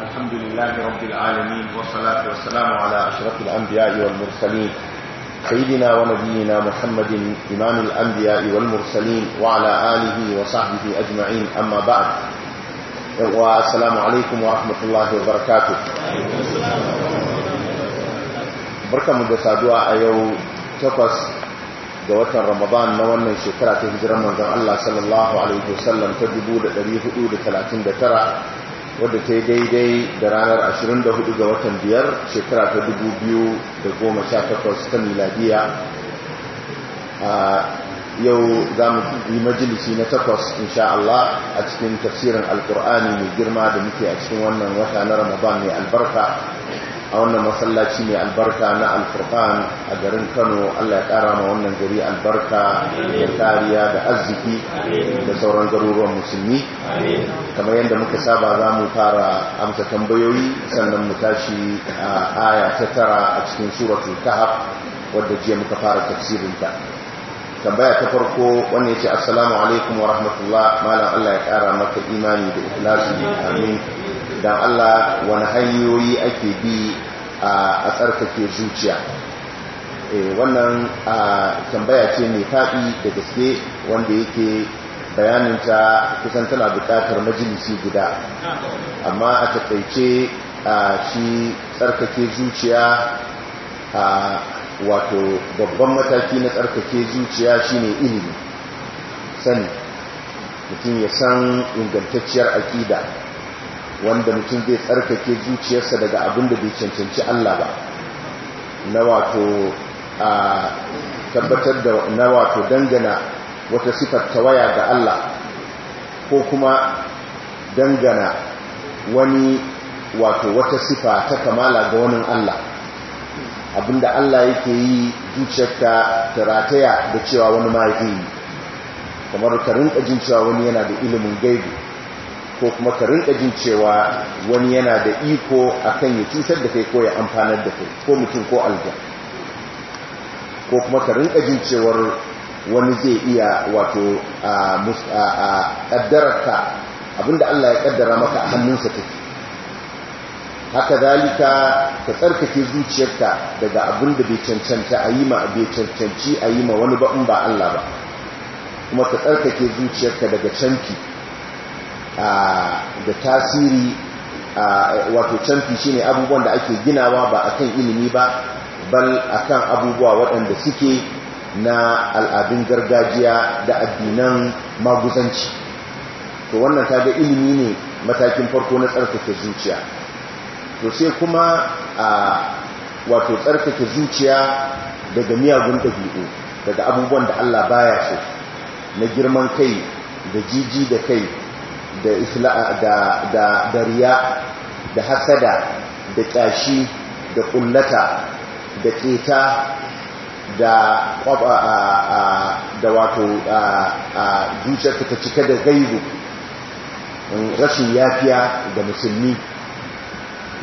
الحمد لله رب العالمين والصلاة والسلام على أشرف الأنبياء والمرسلين سيدنا ونبينا محمد إمام الأنبياء والمرسلين وعلى آله وصحبه أجمعين أما بعد والسلام عليكم ورحمة الله وبركاته بركة مدسادوا أيو تقص ga watan Ramadan na wannan shekara ta hijirar manzon Allah sallallahu alaihi wasallam ta 1439 wadda ta yi daidai da ranar 24 ga watan biyar shekara ta 2018 ta miladiya yau za mu yi majalisi na takwas insha Allah a cikin tafsirin alkur'ani mai girma da muke a cikin wannan wata na Ramadan mai albarka a wannan masallaci mai albarka na alfurkan a garin kano allah ya kara ma wannan gari albarka da kariya da arziki da sauran garuruwan musulmi kamar yadda muka saba za mu fara amsa tambayoyi sannan mu tashi a aya ta tara a cikin suratul kahab wadda jiya muka fara tafsirinta tambaya ta farko wannan yace assalamu alaikum wa rahmatullah malam Allah ya kara maka imani da ikhlasi amin dan Allah wani hanyoyi ake bi a tsarkake zuciya eh, wannan tambaya ce mai fadi da gaske wanda yake bayanin ta kusan tana bukatar majalisi guda amma a taƙaice shi tsarkake zuciya wato babban mataki na tsarkake zuciya shine ilimi sani mutum ya san ingantacciyar aƙida wanda mutum zai tsarkake zuciyarsa daga abin da bai cancanci Allah ba na wato a tabbatar da na wato dangana wata sifar tawaya ga Allah ko kuma dangana wani wato wata sifa ta kamala ga wani Allah abinda Allah yake yi zuciyarka ta rataya da cewa wani ma yake yi kamar ka rinka jin cewa wani yana da ilimin gaibi ko kuma ka rinka jin cewa wani yana da iko a kan ya cutar da kai ko ya amfanar da kai ko mutum ko alga ko kuma ka rinka jin cewar wani zai iya wato a ƙaddararka abinda Allah ya ƙaddara maka a hannunsa take haka zalika ka tsarkake zuciyarka daga abin da bai cancanta a yi ma bai cancanci a yi ma wani ba ba Allah ba kuma ka tsarkake zuciyarka daga canfi da tasiri wato canfi ne abubuwan da ake ginawa ba a kan ilimi ba bal kan abubuwa waɗanda suke na al'adun gargajiya da addinan maguzanci to wannan ta ga ilimi ne matakin farko na tsarkake zuciya to sai kuma a wato tsarkake zuciya daga miyagun ɗabi'u daga abubuwan da Allah baya so na girman kai da jiji da kai da da da riya da hasada da ƙyashi da ƙullata da ƙeta da da wato zuciyarka ta cika da gaibu rashin yafiya ga musulmi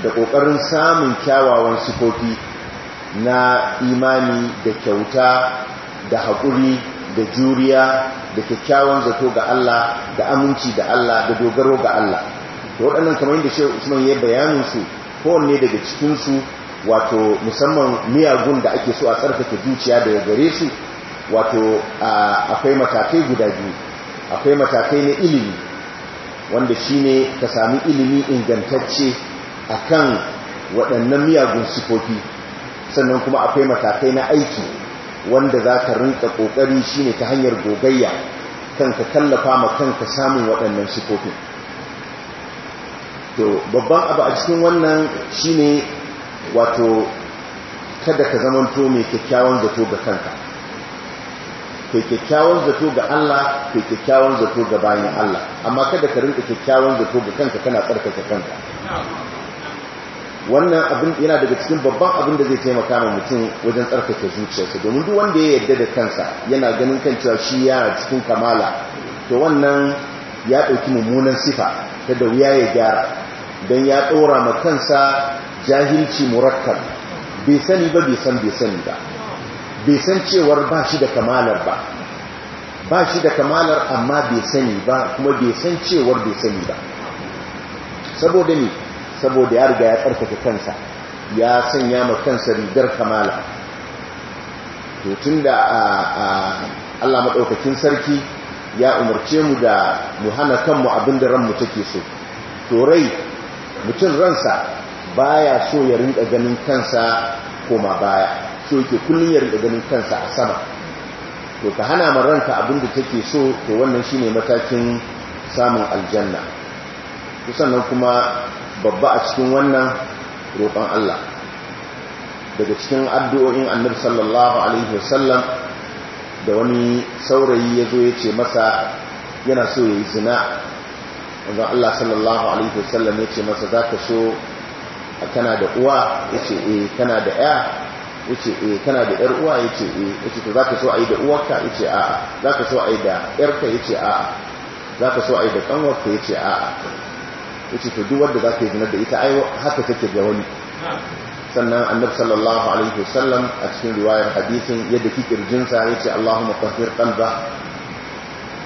da ƙoƙarin samun kyawawan sifofi na imani da kyauta da haƙuri da juriya da kyakkyawan zato ga Allah da aminci da Allah da dogaro ga Allah da waɗannan kamar yadda shi usman ya bayanin su kowanne daga cikinsu wato musamman miyagun da ake so a tsarkake zuciya daga gare su wato akwai matakai guda biyu akwai matakai na ilimi wanda shine ka sami ilimi ingantacce akan waɗannan miyagun sifofi sannan kuma akwai matakai na aiki wanda za ka rinka ƙoƙari shi ne ta hanyar gogayya kan ka tallafa ma kanka samun waɗannan sifofin to babban abu a cikin wannan shi ne wato kada ka zamanto mai kyakkyawan zato ga kanka kai kyakkyawan zato ga Allah kai kyakkyawan zato ga bayan Allah amma kada ka rinka kyakkyawan zato ga kanka kana tsarkake kanka wannan abin yana daga cikin babban abin da zai taimaka ma mutum wajen tsarkake zuciyarsa domin duk wanda ya yarda da kansa yana ganin kan cewa shi yana cikin kamala to wannan ya ɗauki mummunan sifa ta da wuya ya gyara don ya ɗora ma kansa jahilci murakkab bai sani ba bai san bai sani ba bai san cewar ba shi da kamalar ba ba shi da kamalar amma bai sani ba kuma bai san cewar bai sani ba saboda ne saboda ya riga ya tsarkake kansa ya sanya ma kansa rigar kamala to tunda Allah madaukakin sarki ya umarce mu da mu hana kanmu abinda ranmu take so to rai mutum ransa baya so ya rinka ganin kansa koma baya so yake kullun ya rinka ganin kansa a sama to ka hana ma ranka da take so to wannan shine matakin samun aljanna kusan nan kuma babba a cikin wannan roƙon Allah daga cikin addu'o'in annabi sallallahu alaihi wasallam da wani saurayi ya zo ya ce masa yana so ya yi zina wanda Allah sallallahu alaihi wasallam ya ce masa za ka so a kana da uwa ya ce e kana da ya ya ce e kana da yar uwa ya ce e ya ce za ka so a yi da uwarka ya ce a'a za ka so a yi da yarka ya ce a'a za ka so a yi da kanwarka ya ce a'a yace to duk wanda zaka yi zina da ita ai haka take ga wani sannan annabi sallallahu alaihi wasallam a cikin riwayar hadisin yadda ki kirjinsa yace Allahumma tahhir qalba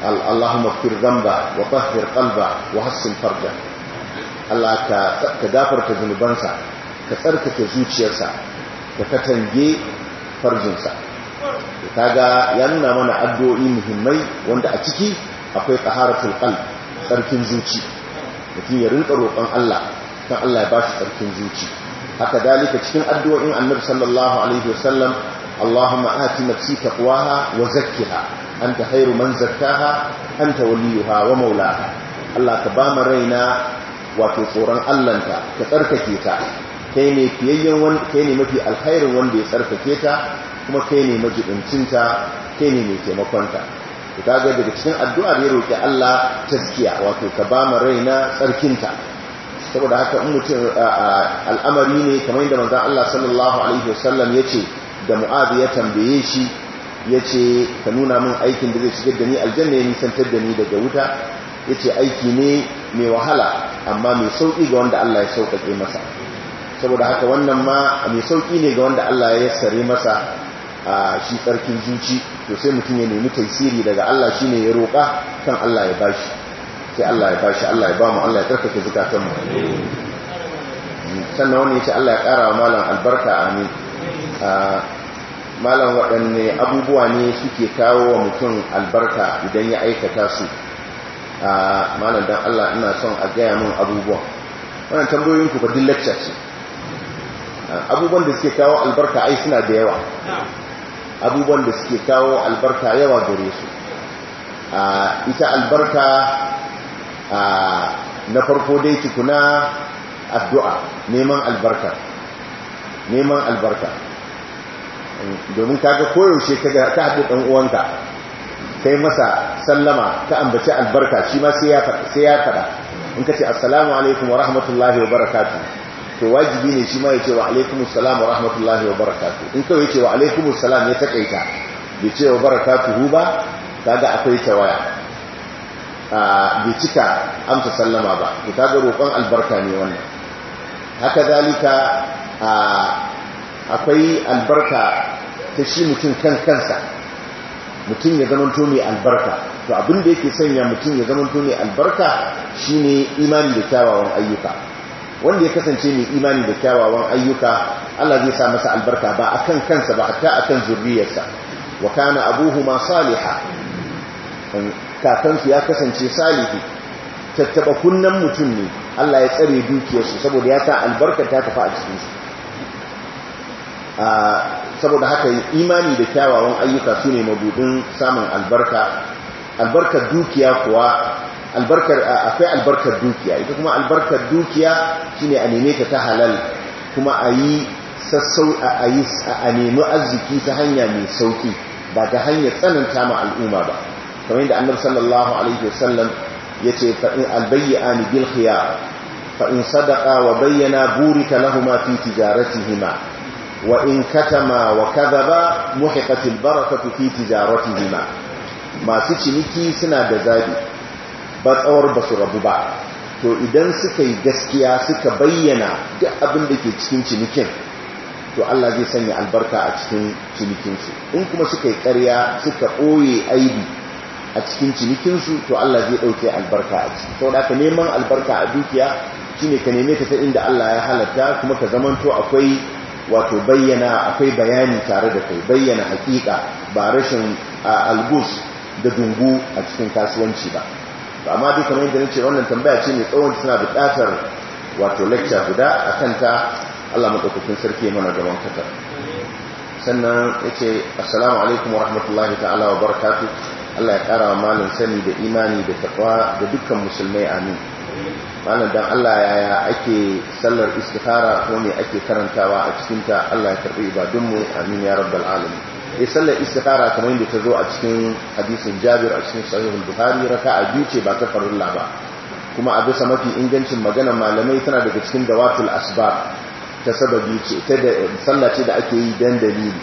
Allahumma fir zamba wa tahhir qalba wa hassin farja Allah ka ka gafarta zunubansa ka tsarkake zuciyarsa ka katange farjinsa kaga ya nuna mana addu'o'i muhimmai wanda a ciki akwai taharatul qalb tsarkin zuciya mutum ya rinka roƙon Allah kan Allah ya ba shi tsarkin zuci haka dalika cikin addu'o'in annabi sallallahu alaihi wasallam Allahumma ati nafsi taqwaha wa zakkiha anta khairu man zakkaha anta waliyuha wa maulaha Allah ka ba mu raina wato tsoron ta ka tsarkake ta kai ne fiyayyen wanda mafi alkhairin wanda ya tsarkake ta kuma kai ne majibincinta kai ne mai taimakonta ta kaga daga cikin addu'ar ya roƙi Allah taskiya wato ka ba mu raina tsarkinta saboda haka in mutum al'amari ne kamar yadda manzan Allah sallallahu alaihi wasallam yace da Mu'adh ya tambaye shi yace ka nuna min aikin da zai shigar da ni aljanna ya nisantar da ni daga wuta yace aiki ne mai wahala amma mai sauki ga wanda Allah ya sauƙaƙe masa saboda haka wannan ma mai sauƙi ne ga wanda Allah ya sare masa a shi tsarkin zuci to sai mutum ya nemi taisiri daga Allah shi ne ya roƙa kan Allah ya bashi sai Allah ya bashi Allah ya bamu Allah ya tsarkake zukatan mu sannan wani ya ce Allah ya ƙara wa malam albarka amin malam waɗanne abubuwa ne suke kawo wa mutum albarka idan ya aikata su malam dan Allah ina son a gaya min abubuwa wannan tambayoyin ku ba dillacce abubuwan da suke kawo albarka ai suna da yawa abubuwan da suke kawo albarka yawa gare su ita albarka na farko dai tukuna addu'a neman albarka neman albarka domin kaga koyaushe ka haɗu ɗan uwanka kai masa sallama ta ambaci albarka shi ma sai ya faɗa in ka ce assalamu alaikum wa rahmatullahi wa barakatuh to wajibi ne shi ma ya ce wa alaikumus salam wa rahmatullahi wa barakatuh in kawai ce wa alaikumus salam ya takaita bai ce wa barakatuhu ba kaga akwai tawaya bai cika amsa sallama ba to kaga roƙon albarka ne wannan haka zalika akwai albarka ta shi mutum kan kansa mutum ya zamanto mai albarka to abin da yake sanya mutum ya zamanto mai albarka shine imani da kyawawan ayyuka wanda ya kasance mai imani da kyawawan ayyuka Allah zai sa masa albarka ba akan kansa ba hatta akan zurriyarsa wa kana abuhuma saliha kakansu ya kasance salihi tattaba kunnan mutum ne Allah ya tsare dukiyarsu saboda ya sa albarka ta tafi a cikin su saboda haka imani da kyawawan ayyuka su ne mabudin samun albarka albarkar dukiya kuwa albarkar akwai albarkar dukiya ita kuma albarkar dukiya shine a neme ta ta halal kuma a yi sassau a a nemi arziki ta hanya mai sauki ba ta hanyar tsananta ma al'umma ba kamar yadda annabi sallallahu alaihi wasallam yace fa albayyi albayyani bil khiyar fa sadaqa wa bayyana burika lahumu fi tijaratihima wa in katama wa kadhaba muhiqatil barakatu fi tijaratihima masu ciniki suna da zabi ba tsawar ba su rabu ba to idan suka yi gaskiya suka bayyana duk abin da ke cikin cinikin to Allah zai sanya albarka a cikin cinikinsu in kuma suka yi ƙarya suka ɓoye aibi a cikin cinikinsu to Allah zai ɗauke albarka a ciki sau da ka neman albarka a dukiya shine ka neme ta ta inda Allah ya halatta kuma ka zamanto akwai wato bayyana akwai bayani tare da kai bayyana hakika ba rashin algus da dungu a cikin kasuwanci ba amma duk kamar yadda nace wannan tambaya ce mai tsawon suna buƙatar wato lecture guda akan ta Allah madaukakin sarki mana gaban kata sannan yace assalamu alaikum warahmatullahi ta'ala wa barakatuh Allah ya ƙara wa malam sani da imani da tafawa da dukkan musulmai amin malam dan Allah yaya ake sallar istikhara ko me ake karantawa a cikin ta Allah ya karbi ibadunmu amin ya rabbal alamin ya eh, sallar kara kamar yadda ta zo a cikin hadisin jabir a cikin sahih al-bukhari raka'a biyu ce ba ta farilla ba kuma a bisa mafi ingancin maganar malamai tana daga cikin dawatul asbab ta sababi ce ta da sallah ce da ake yi dan dalili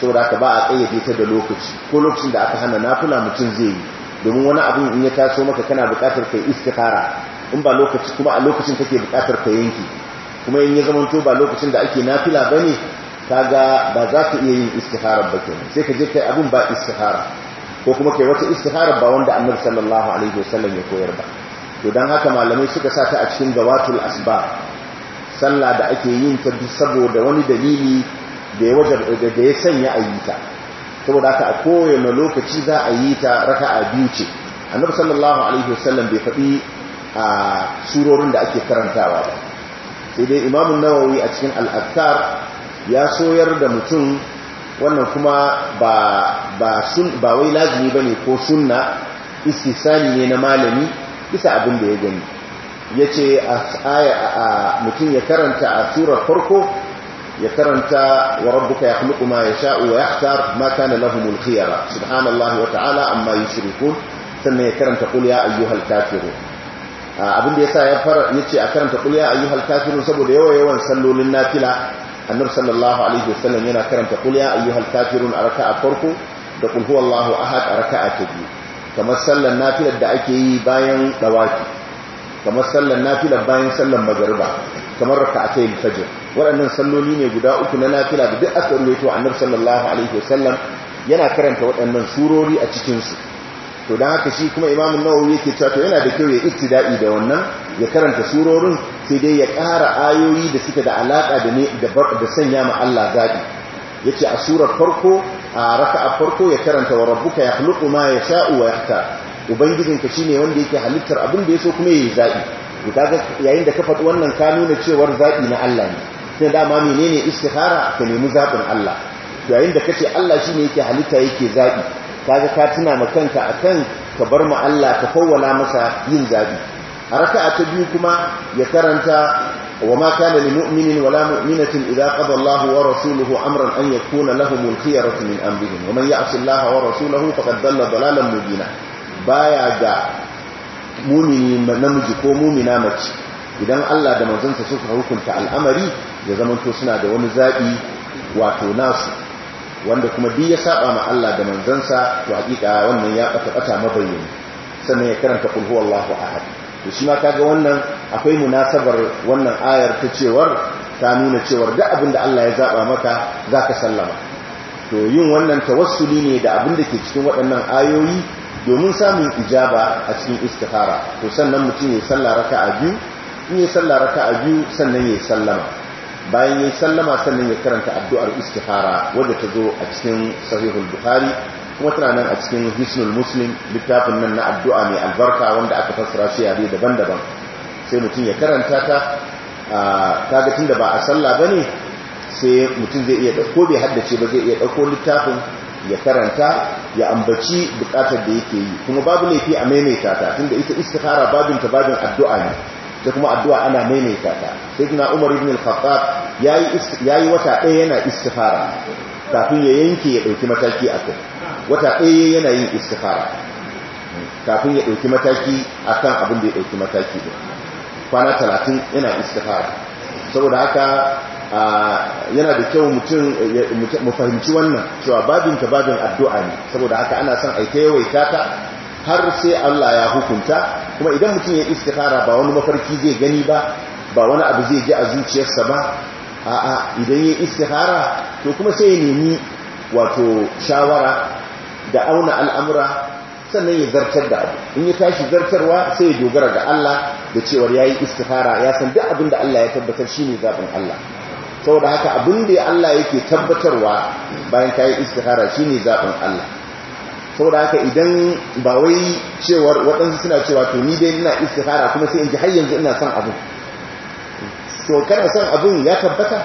saboda ka ba a kayyade ta da lokaci ko lokacin da aka hana nafila mutum zai yi domin wani abin in ya taso maka kana bukatar kai istikara in ba lokaci kuma a lokacin kake bukatar ka yanki kuma in ya zamanto ba lokacin da ake nafila ne. kaga ba za ka iya yin istiharar ba kenan sai ka je kai abin ba istihara ko kuma kai wata istihara ba wanda annabi sallallahu alaihi wasallam ya koyar ba to dan haka malamai suka sa ta a cikin gawatul asba sallah da ake yin ta saboda wani dalili da ya wajar da ya sanya a yi ta saboda haka a kowane lokaci za a yi ta raka'a biyu ce annabi sallallahu alaihi wasallam bai faɗi a surorin da ake karantawa ba sai dai imamun nawawi a cikin al ya soyar da mutum wannan kuma ba wai lazumi ba ne ko sunna istisani ne na malami bisa abin da ya gani ya ce a mutum ya karanta a surar farko ya karanta wa rabbuka ya ma yasha'u wa yahtar ma kana lahumul khiyara subhanallahi wa ta'ala amma yushrikun sannan ya karanta qul ya ayyuhal kafirun abin da yasa ya fara yace a karanta qul ya ayyuhal kafirun saboda yawa yawan sallolin nafila annabi sallallahu alaihi wasallam yana karanta qul ya ayyuhal kafirun a raka'a farko da qul huwallahu ahad a raka'a kamar sallan nafilar da ake yi bayan dawaki kamar sallar nafilar bayan sallan magriba kamar raka'atay fajr waɗannan salloli ne guda uku na nafila da duk aka ruwaito annabi sallallahu alaihi wasallam yana karanta waɗannan surori a cikin su to dan haka shi kuma imamu nawawi yake cewa to yana da kyau ya daɗi da wannan ya karanta surorin sai dai ya kara ayoyi da suke da alaƙa da ne da sanya ma Allah zaɓi yake a surar farko a raka a farko ya karanta wa rabbuka ya halittu ma ya sha'u wa ya ubangijinka shi ne wanda yake halittar abin da ya so kuma ya yi zaɓi yayin da ka faɗi wannan ka nuna cewar zaɓi na Allah ne sai dama menene istihara ka nemi zaɓin Allah yayin da kace Allah shi ne yake halitta yake zaɓi kaga ka tuna ma kanka akan ka bar ma Allah ka fawwala masa yin zaɓi a raka'a ta biyu kuma ya karanta wa ma kana lil mu'minin wala mu'minatin idza qada Allahu wa rasuluhu amran an yakuna lahumul khiyaratu min amrihim wa man ya'si Allah wa rasulahu faqad dalla dalalan mubina baya ga mumini namiji ko mumina mace idan Allah da manzansa suka hukunta al'amari ya zamanto suna da wani zabi wato nasu wanda kuma duk ya saba ma Allah da manzansa to hakika wannan ya bata bata mabayyana sannan ya karanta kul huwallahu ahad to shi ma kaga wannan akwai munasabar wannan ayar ta cewar ta nuna cewar da abin da Allah ya zaba maka zaka sallama to yin wannan tawassuli ne da abin da ke cikin waɗannan ayoyi domin samun ijaba a cikin istikhara to sannan mutum ya salla raka'a biyu in ya salla raka'a biyu sannan ya sallama bayan ya sallama sannan ya karanta addu'ar istikhara wadda ta zo a cikin sahihul bukhari kuma tana nan a cikin hisnul muslim littafin nan na addu'a mai albarka wanda aka fassara shi yare daban-daban sai mutum ya karanta ta kaga tunda ba a sallah bane sai mutum zai iya ko bai haddace ba zai iya dauko littafin ya karanta ya ambaci bukatar da yake yi kuma babu laifi a maimaita ta tunda ita istikhara babin ta babin addu'a ne ta kuma addu'a ana maimaita ta sai kuma Umar ibn al-Khattab yayi yayi wata ɗaya yana istikhara kafin ya yanke ya ɗauki mataki akai wata ɗaya yana yin istikhara kafin ya ɗauki mataki akan abin da ya ɗauki mataki da kwana talatin yana istikhara saboda haka yana da kyau mutum mu fahimci wannan cewa babinka babin addu'a ne saboda haka ana son aika yawaita ta har sai Allah ya hukunta kuma idan mutum ya istikhara ba wani mafarki zai gani ba ba wani abu zai ji a zuciyarsa ba a'a idan ya istikhara to kuma sai ya nemi wato shawara da auna al'amura sannan ya zartar da abu in ya tashi zartarwa sai ya dogara ga Allah da cewar ya yi istihara ya san duk abin da Allah ya tabbatar shi ne zaɓin Allah saboda haka abin da Allah yake tabbatarwa bayan ta yi istihara shi ne zaɓin Allah saboda haka idan ba wai cewar waɗansu suna cewa to ni dai ina istihara kuma sai in ji har yanzu ina son abin So kana son abin ya tabbata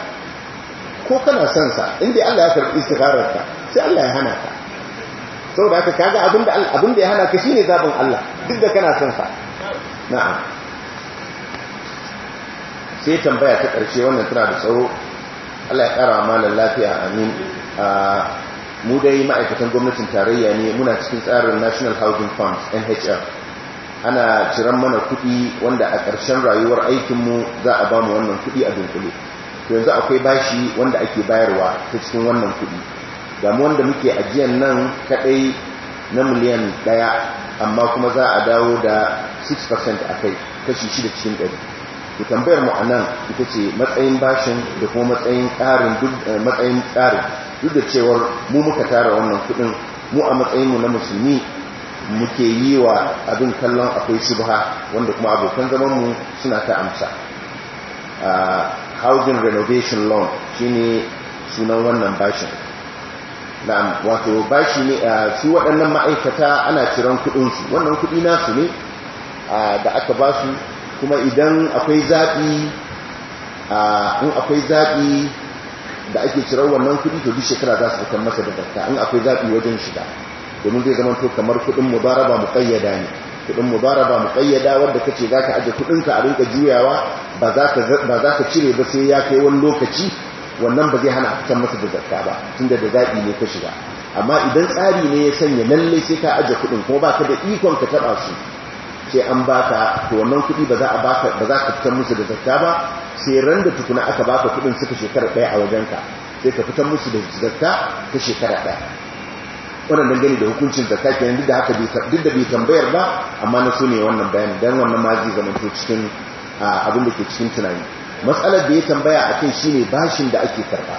ko kana son sa inda Allah ya karɓi istihararka sai Allah ya hana ka sau da haka kaga abin da ya hana ka shi ne zaɓin Allah duk da kana son sa na'am sai tambaya ta ƙarshe wannan tana da tsaro Allah ya ƙara malar lafiya amin mu dai ma'aikatan gwamnatin tarayya ne muna cikin tsarin National Housing fund NHF ana ciran mana kuɗi wanda a ƙarshen rayuwar aikinmu za a ba mu wannan kuɗi a dunkule to yanzu akwai bashi wanda ake bayarwa ta cikin wannan kuɗi damuwan wanda muke ajiyan nan kadai na miliyan daya amma kuma za a dawo da 6% a kai kashi 6 cikin ɗari ku tambayar mu a nan ita ce matsayin bashin da kuma matsayin ƙarin eh, matsayin ƙarin duk da cewar mu muka tara wannan kuɗin mu a matsayin mu na musulmi muke yi wa abin kallon akwai shubha wanda kuma abokan zaman mu suna ta amsa ah, housing renovation loan shine sunan wannan bashin na'am wato bashi ne su waɗannan ma'aikata ana ciran kuɗinsu wannan kuɗi nasu ne da aka ba su kuma idan akwai zaɓi in akwai zaɓi da ake cirar wannan kuɗi to duk shekara za su fitar masa da barka in akwai zaɓi wajen shiga domin zai zama to kamar kuɗin mubaraba mu ƙayyada ne kuɗin mubaraba mu ƙayyada wanda kace zaka aje kuɗinka a rinka juyawa ba za ka cire ba sai ya kai wani lokaci wannan ba zai hana a fitar masa da zakka ba tun da zaɓi ne ka shiga amma idan tsari ne ya sanya lalle sai ka ajiye kuɗin kuma ba ka da ikon ka taɓa su sai an ba ka to wannan kuɗi ba za ka fitar musu da zarta ba sai ran da tukuna aka baka kuɗin suka shekara ɗaya a wajenka sai ka fitar musu da zarta ta shekara ɗaya wannan dangane da hukuncin zarta ke yanzu da haka duk da bai tambayar ba amma na so ne wannan bayanin don wannan ma zai zama cikin abin da ke cikin tunani matsalar da ya tambaya a kai shine bashin da ake karba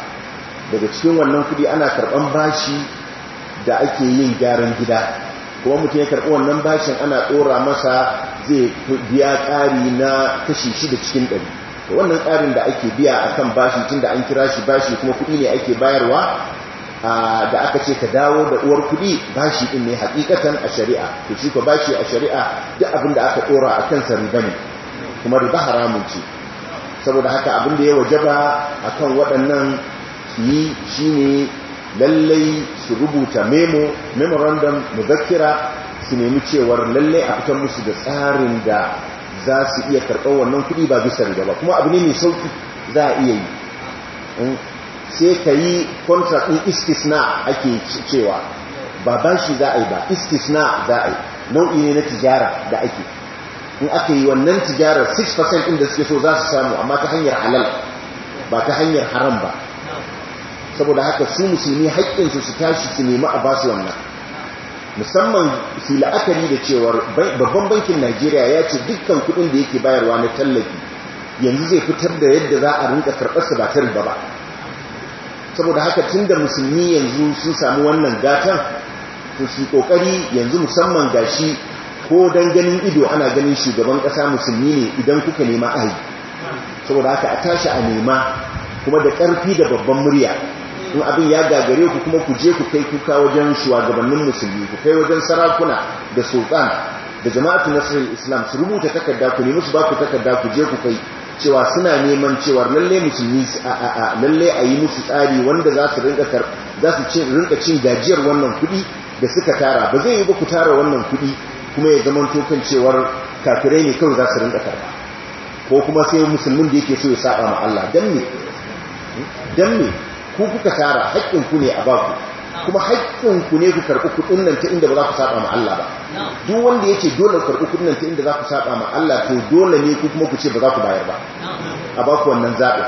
daga cikin wannan kuɗi ana karɓan bashi da ake yin gyaran gida kuma mutum ya karɓi wannan bashin ana ɗora masa zai biya ƙari na kashi shida cikin ɗari da wannan ƙarin da ake biya a kan bashi tun da an kira shi bashi kuma kuɗi ne ake bayarwa da aka ce ka dawo da uwar kuɗi bashi ɗin ne hakikatan a shari'a to shi ka bashi a shari'a duk abin da aka ɗora a kansa riba kuma riba haramun ce saboda haka abin da ya waje wajaba kan waɗannan su yi ne lallai su rubuta memo memorandum muzakkira su nemi cewar lallai a fitar musu da tsarin da za su iya karɓar wannan kuɗi ba bisa riga ba kuma abu ne mai sauƙi za a iya yi hmm? sai ka yi contract ɗin istisna ake cewa ba bashi za a yi ba istisna za a yi nau'i ne na tijara da ake in aka yi wannan tijarar 6% inda suke so za su samu amma ta hanyar halal ba ta hanyar haram ba saboda haka su musulmi haƙƙinsu su tashi su nema a basu wannan musamman su la'akari da cewar babban bankin najeriya ya ce dukkan kudin da yake bayarwa na tallafi yanzu zai fitar da yadda za a rinka karɓarsa ba ta riba ba saboda haka tun da musulmi yanzu sun samu wannan gatan to su ƙoƙari yanzu musamman gashi ko don ganin ido ana ganin shugaban kasa musulmi ne idan kuka nema ahi saboda haka a tashi a nema kuma da ƙarfi da babban murya in abin ya gagare ku kuma ku je ku kai kuka wajen shugabannin musulmi ku kai wajen sarakuna da sultan da jama'atu nasarar islam su rubuta takarda ku nemi su ba ku takarda ku je ku kai cewa suna neman cewa lalle musulmi a lalle a yi musu tsari wanda za su rinka cin gajiyar wannan kuɗi da suka tara ba zai yi ba ku tara wannan kuɗi kuma ya zama tokan cewar kafirai ne kawai za su rinda karba ko kuma sai musulmin da yake so ya saba ma Allah dan ne dan ne ku kuka tara haƙƙin ku ne a baku kuma haƙƙin ku ne ku karɓi kuɗin nan ta inda ba za ku saba ma Allah ba duk wanda yake dole ku karɓi kuɗin nan ta inda za ku saba ma Allah to dole ne ku kuma ku ce ba za ku bayar ba a baku wannan zaɓi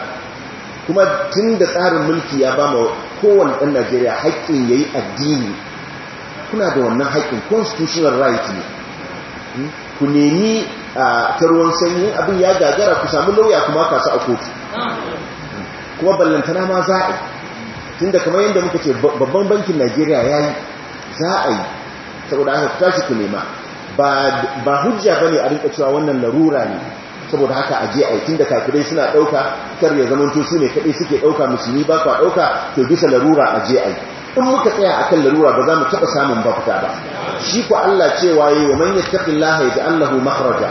kuma tun da tsarin mulki ya ba ma kowane ɗan Najeriya haƙƙin yayi addini kuna da wannan haƙƙin constitutional right ne ku nemi ta ruwan sanyi abin ya gagara ku samu lauya kuma kasu a kotu kuma ballantana ma za a yi tun da kamar yadda muka ce babban bankin najeriya ya yi za a yi saboda aka tashi ku nema ba hujja ba ne a rinka cewa wannan larura ne saboda haka a je aiki da kafirai suna ɗauka kar ya zamanto su ne kaɗai suke ɗauka musulmi ba kwa ɗauka to bisa larura a je aiki in muka tsaya akan larura ba za mu taɓa samun bafita ba shi ku Allah cewa yi wa man yattaqillaha yaj'al lahu makhraja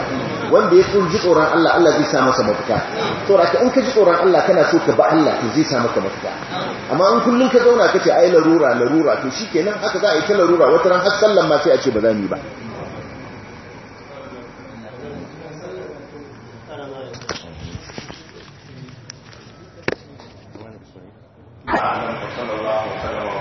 wanda ya ji tsoron Allah Allah zai sa masa mafita saboda in ka ji tsoron Allah kana so ka ba Allah to zai sa maka mafita amma in kullun ka zauna kace ai larura larura to shikenan haka za a yi ta larura wata ran har sallan ma sai a ce ba za mu yi ba وصلى الله وسلم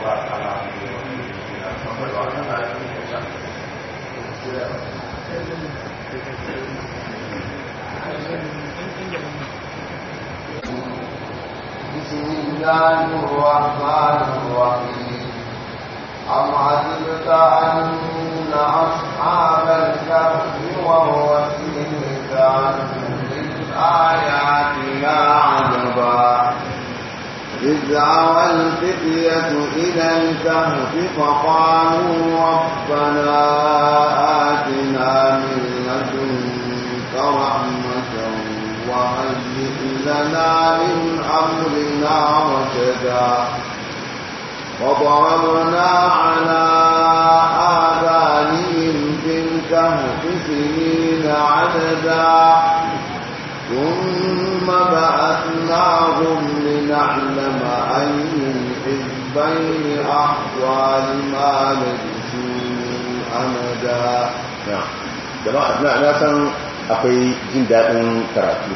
الله الرحمن الرحيم أم حسبت أن أصحاب الكهف والرسيم كانوا من آياتنا عجبا إذ أوى الفتية إلى الكهف فقالوا ربنا آتنا من لدنك رحمة وهيئ لنا من أمرنا رشدا وضربنا على آذانهم في الكهف سنين عددا ثم بعثناهم لنعلم أي الحزبين أحوى لما لبثوا أمدا نعم جماعة لا, لا, لا akwai jin daɗin karatu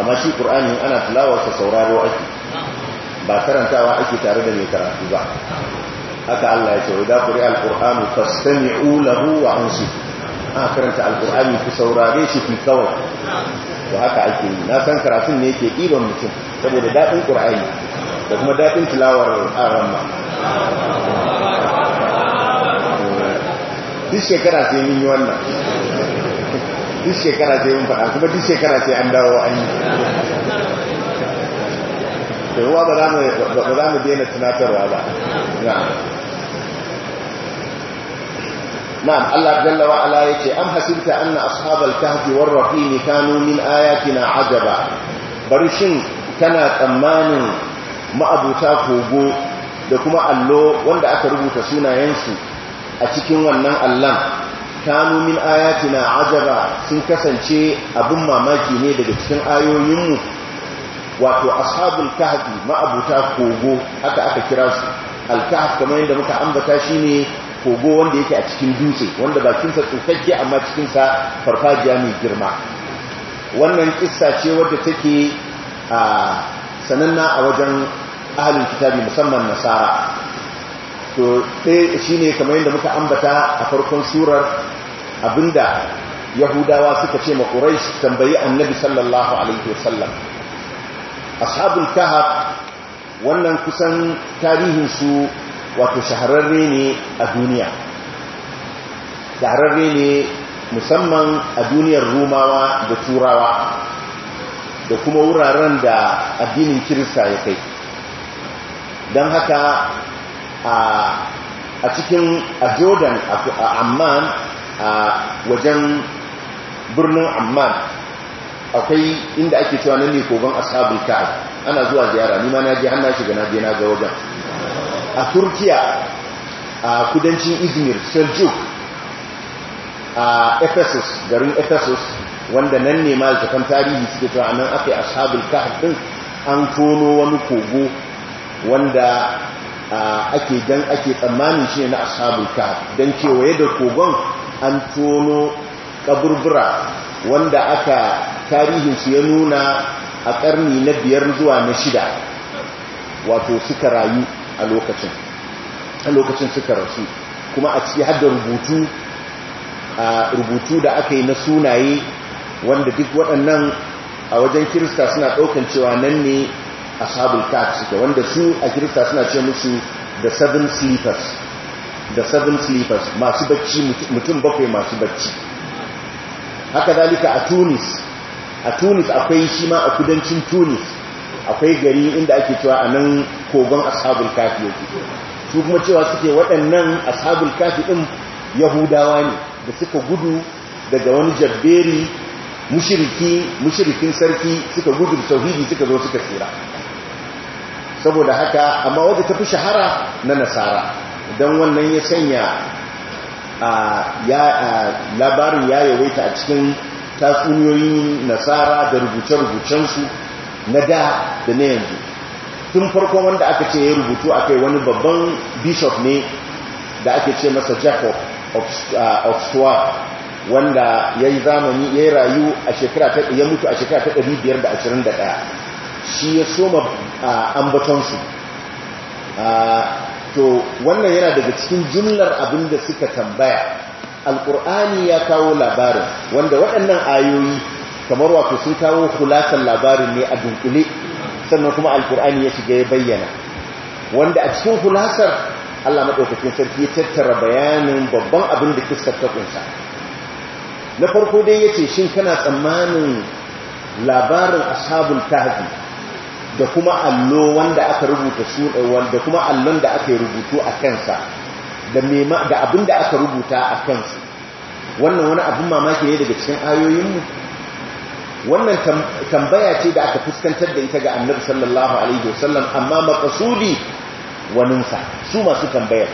amma shi ƙur'ani ana tilawarsa sauraro ake ba karantawa ake tare da mai karatu ba aka Allah ya sauri wa al alƙur'anu fastami'u lahu wa an su a karanta alƙur'ani ku saurare shi fi kawai to haka ake yi na san karatun ne ke ɗiban mutum saboda daɗin ƙur'ani da kuma daɗin tilawar aramma duk shekara sai yi wannan duk shekara sai yin fada kuma duk shekara sai an dawo an yi ruwa ba za mu daina tunatarwa ba na'am Allah jalla wa ala yake am hasibta anna ashabal kahfi war rahim kanu min ayatina ajaba bari shin kana tsammanin ma'abuta kogo da kuma allo wanda aka rubuta sunayensu a cikin wannan allan kanu min ayatina ajaba sun kasance abin mamaki ne daga cikin ayoyinmu wato ashabul kahfi ma'abuta kogo haka aka kira su al-kahf kamar yadda muka ambata shine kogo wanda yake a cikin dutse wanda bakinsa tsukakke amma cikinsa farfajiya mai girma wannan kissa ce wadda take a sananna a wajen ahalin kitabi musamman nasara to shi ne kamar yadda muka ambata a farkon surar abinda yahudawa suka ce makurai su tambayi annabi sallallahu alaihi wasallam ashabul kahf wannan kusan tarihin su wato shahararre ne a duniya shahararre ne musamman a duniyar rumawa da turawa da kuma wuraren da addinin kirista ya kai don haka a cikin a jordan a amman a wajen birnin amman akwai inda ake cewa nan ne kogon ashabul kahf ana zuwa ziyara ni ma na je har na shiga na je na ga wajen a turkiya a kudancin izmir seljuk a ephesus garin ephesus wanda nan ne ma zakan tarihi suke cewa nan aka yi ashabul kahf din an tono wani kogo wanda ake dan ake tsammanin shi na ashabul kahf dan kewaye da kogon an tono kaburbura wanda aka tarihinsu ya nuna a karni na biyar zuwa na shida wato suka rayu a lokacin a lokacin suka rasu kuma a ciki hada rubutu a rubutu da aka yi na sunaye wanda duk waɗannan a wajen kirista suna ɗaukan cewa nan ne a kaf suke wanda su a kirista suna ce musu the seven sleepers da seven sleepers masu bacci mutum bakwai masu bacci haka zalika a tunis a tunis akwai shi ma a kudancin tunis akwai gari inda ake cewa a nan kogon ashabul kafi yake su kuma cewa suke waɗannan ashabul kafi ɗin yahudawa ne da suka gudu daga wani jabberi mushiriki mushirikin sarki suka gudu da tauhidi suka zo suka tsira saboda haka amma wadda ta fi shahara na nasara don wannan ya sanya labarin ya yawaita a cikin tatsuniyoyin nasara da rubuce-rubucensu na da da na yanzu tun farkon wanda aka ce ya rubutu a kai wani babban bishop ne da ake ce masa jacob of stuart wanda ya yi zamani ya yi rayu a shekara ta ya mutu a shekara ta 521 shi ya soma ambatonsu to wannan yana daga cikin jumlar abin da suka tambaya alkur'ani ya kawo labarin wanda waɗannan ayoyi kamar wato sun kawo kulasan labarin ne a dunkule sannan kuma alkur'ani ya shiga ya bayyana wanda a cikin kulasar Allah maɗaukakin sarki ya tattara bayanin babban abin da kissar ta kunsa na farko dai ya ce shin kana tsammanin labarin ashabul tahdi da kuma allo wanda aka rubuta su eh, wanda kuma allon da aka rubutu a kansa da mema da abin da aka rubuta a kansu wannan wani abin mamaki ne daga cikin mu wannan tambaya ce da aka fuskantar da ita ga annabi sallallahu alaihi wasallam amma maqsudi sa su masu tambayar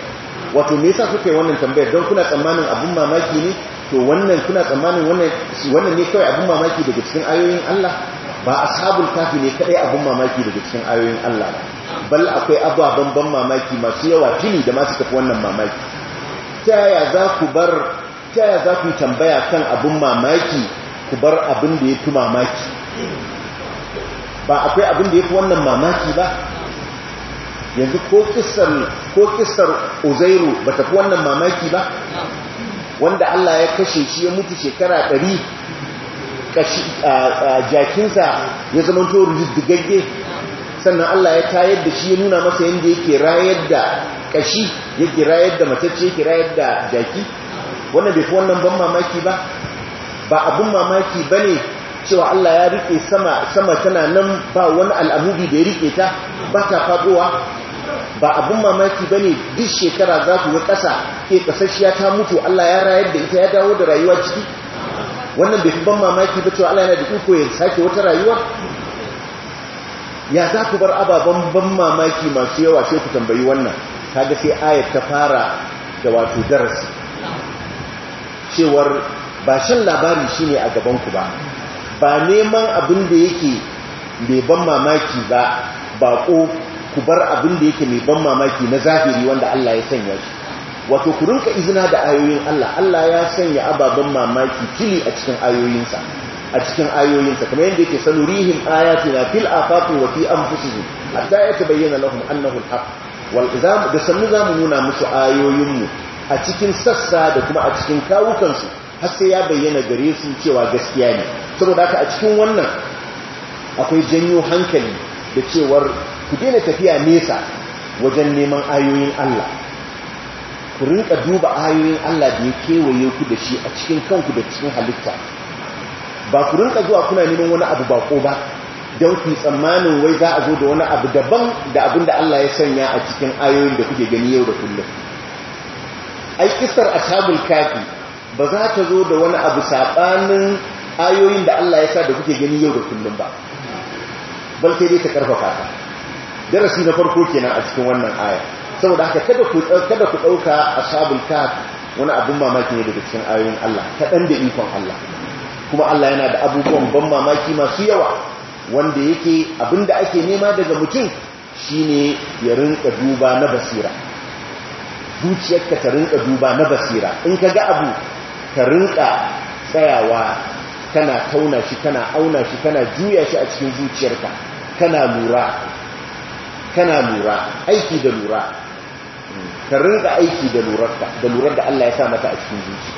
wato me yasa kuke wannan tambayar don kuna tsammanin abin mamaki ne to wannan kuna tsammanin wannan wannan ne kawai abin mamaki daga cikin ayoyin Allah ba ashabul kafi ne kadai abun mamaki daga cikin ayoyin Allah bal akwai ababen ban mamaki masu yawa tuni da masu tafi wannan mamaki ta yaya za ku bar ta yaya za ku tambaya kan abun mamaki ku bar abin da ya fi mamaki ba akwai abin da ya fi wannan mamaki ba yanzu ko kisar, ko kisar uzairu ba ta fi wannan mamaki ba wanda Allah ya kashe shi ya mutu shekara ɗari. jakinsa ya zama zamanto rididdigagge sannan Allah ya tayar da shi ya nuna masa yadda yake rayar da kashi yake rayar da matacce yake rayar da jaki wannan bai fi wannan ban mamaki ba ba abun mamaki ba ne cewa Allah ya rike sama sama tana nan ba wani al'amudi da ya rike ta ba ta faɗowa ba abun mamaki ba ne duk shekara za ku yi ƙasa ke ƙasashiya ta mutu Allah ya rayar da ita ya dawo da rayuwa ciki wannan bai fi ban mamaki ba cewa Allah yana da iko ya sake wata rayuwa? ya za ku bar ababen ban mamaki masu yawa sai ku tambayi wannan Ta ga sai ayat ta fara da wato darasi cewar ba shan labari ne a gabanku ba ba neman abin da yake mai ban mamaki ba ko ku bar abin da yake mai ban mamaki na zahiri wanda Allah ya sanya shi wato ku rinka izina da ayoyin Allah Allah ya sanya ababen mamaki fili a cikin ayoyinsa a cikin ayoyinsa kamar yadda yake sanurihim ayatina fil afaqi wa fi anfusihim hatta yatabayyana lahum annahu al-haq wal izam da sanu zamu nuna musu ayoyinmu a cikin sassa da kuma a cikin kawukansu har sai ya bayyana gare su cewa gaskiya ne saboda haka a cikin wannan akwai janyo hankali da cewar ku daina tafiya nesa wajen neman ayoyin Allah ku rinka duba ayoyin Allah da ya kewaye ku da shi a cikin kanku da cikin halitta ba ku rinka zuwa kuna neman wani abu bako ba don ku tsammanin wai za a zo da wani abu daban da abin da Allah ya sanya a cikin ayoyin da kuke gani yau da kullum ai kisar ashabul kafi ba za ta zo da wani abu sabanin ayoyin da Allah ya sa da kuke gani yau da kullum ba balke dai ta karfafa ta darasi na farko kenan a cikin wannan ayar saboda haka kada ku kada ku dauka ashabul kaf wani abun mamaki ne daga cikin ayoyin Allah kadan da ikon Allah kuma Allah yana da abubuwan ban mamaki masu yawa wanda yake abinda ake nema daga mutum shine ya rinka duba na basira zuciyarka ta rinka duba na basira in ka ga abu ka rinka tsayawa kana tauna shi kana auna shi kana juya shi a cikin zuciyarka kana lura kana lura aiki da lura ka rinka aiki da lurarka da lurar da Allah ya sa mata a cikin zuci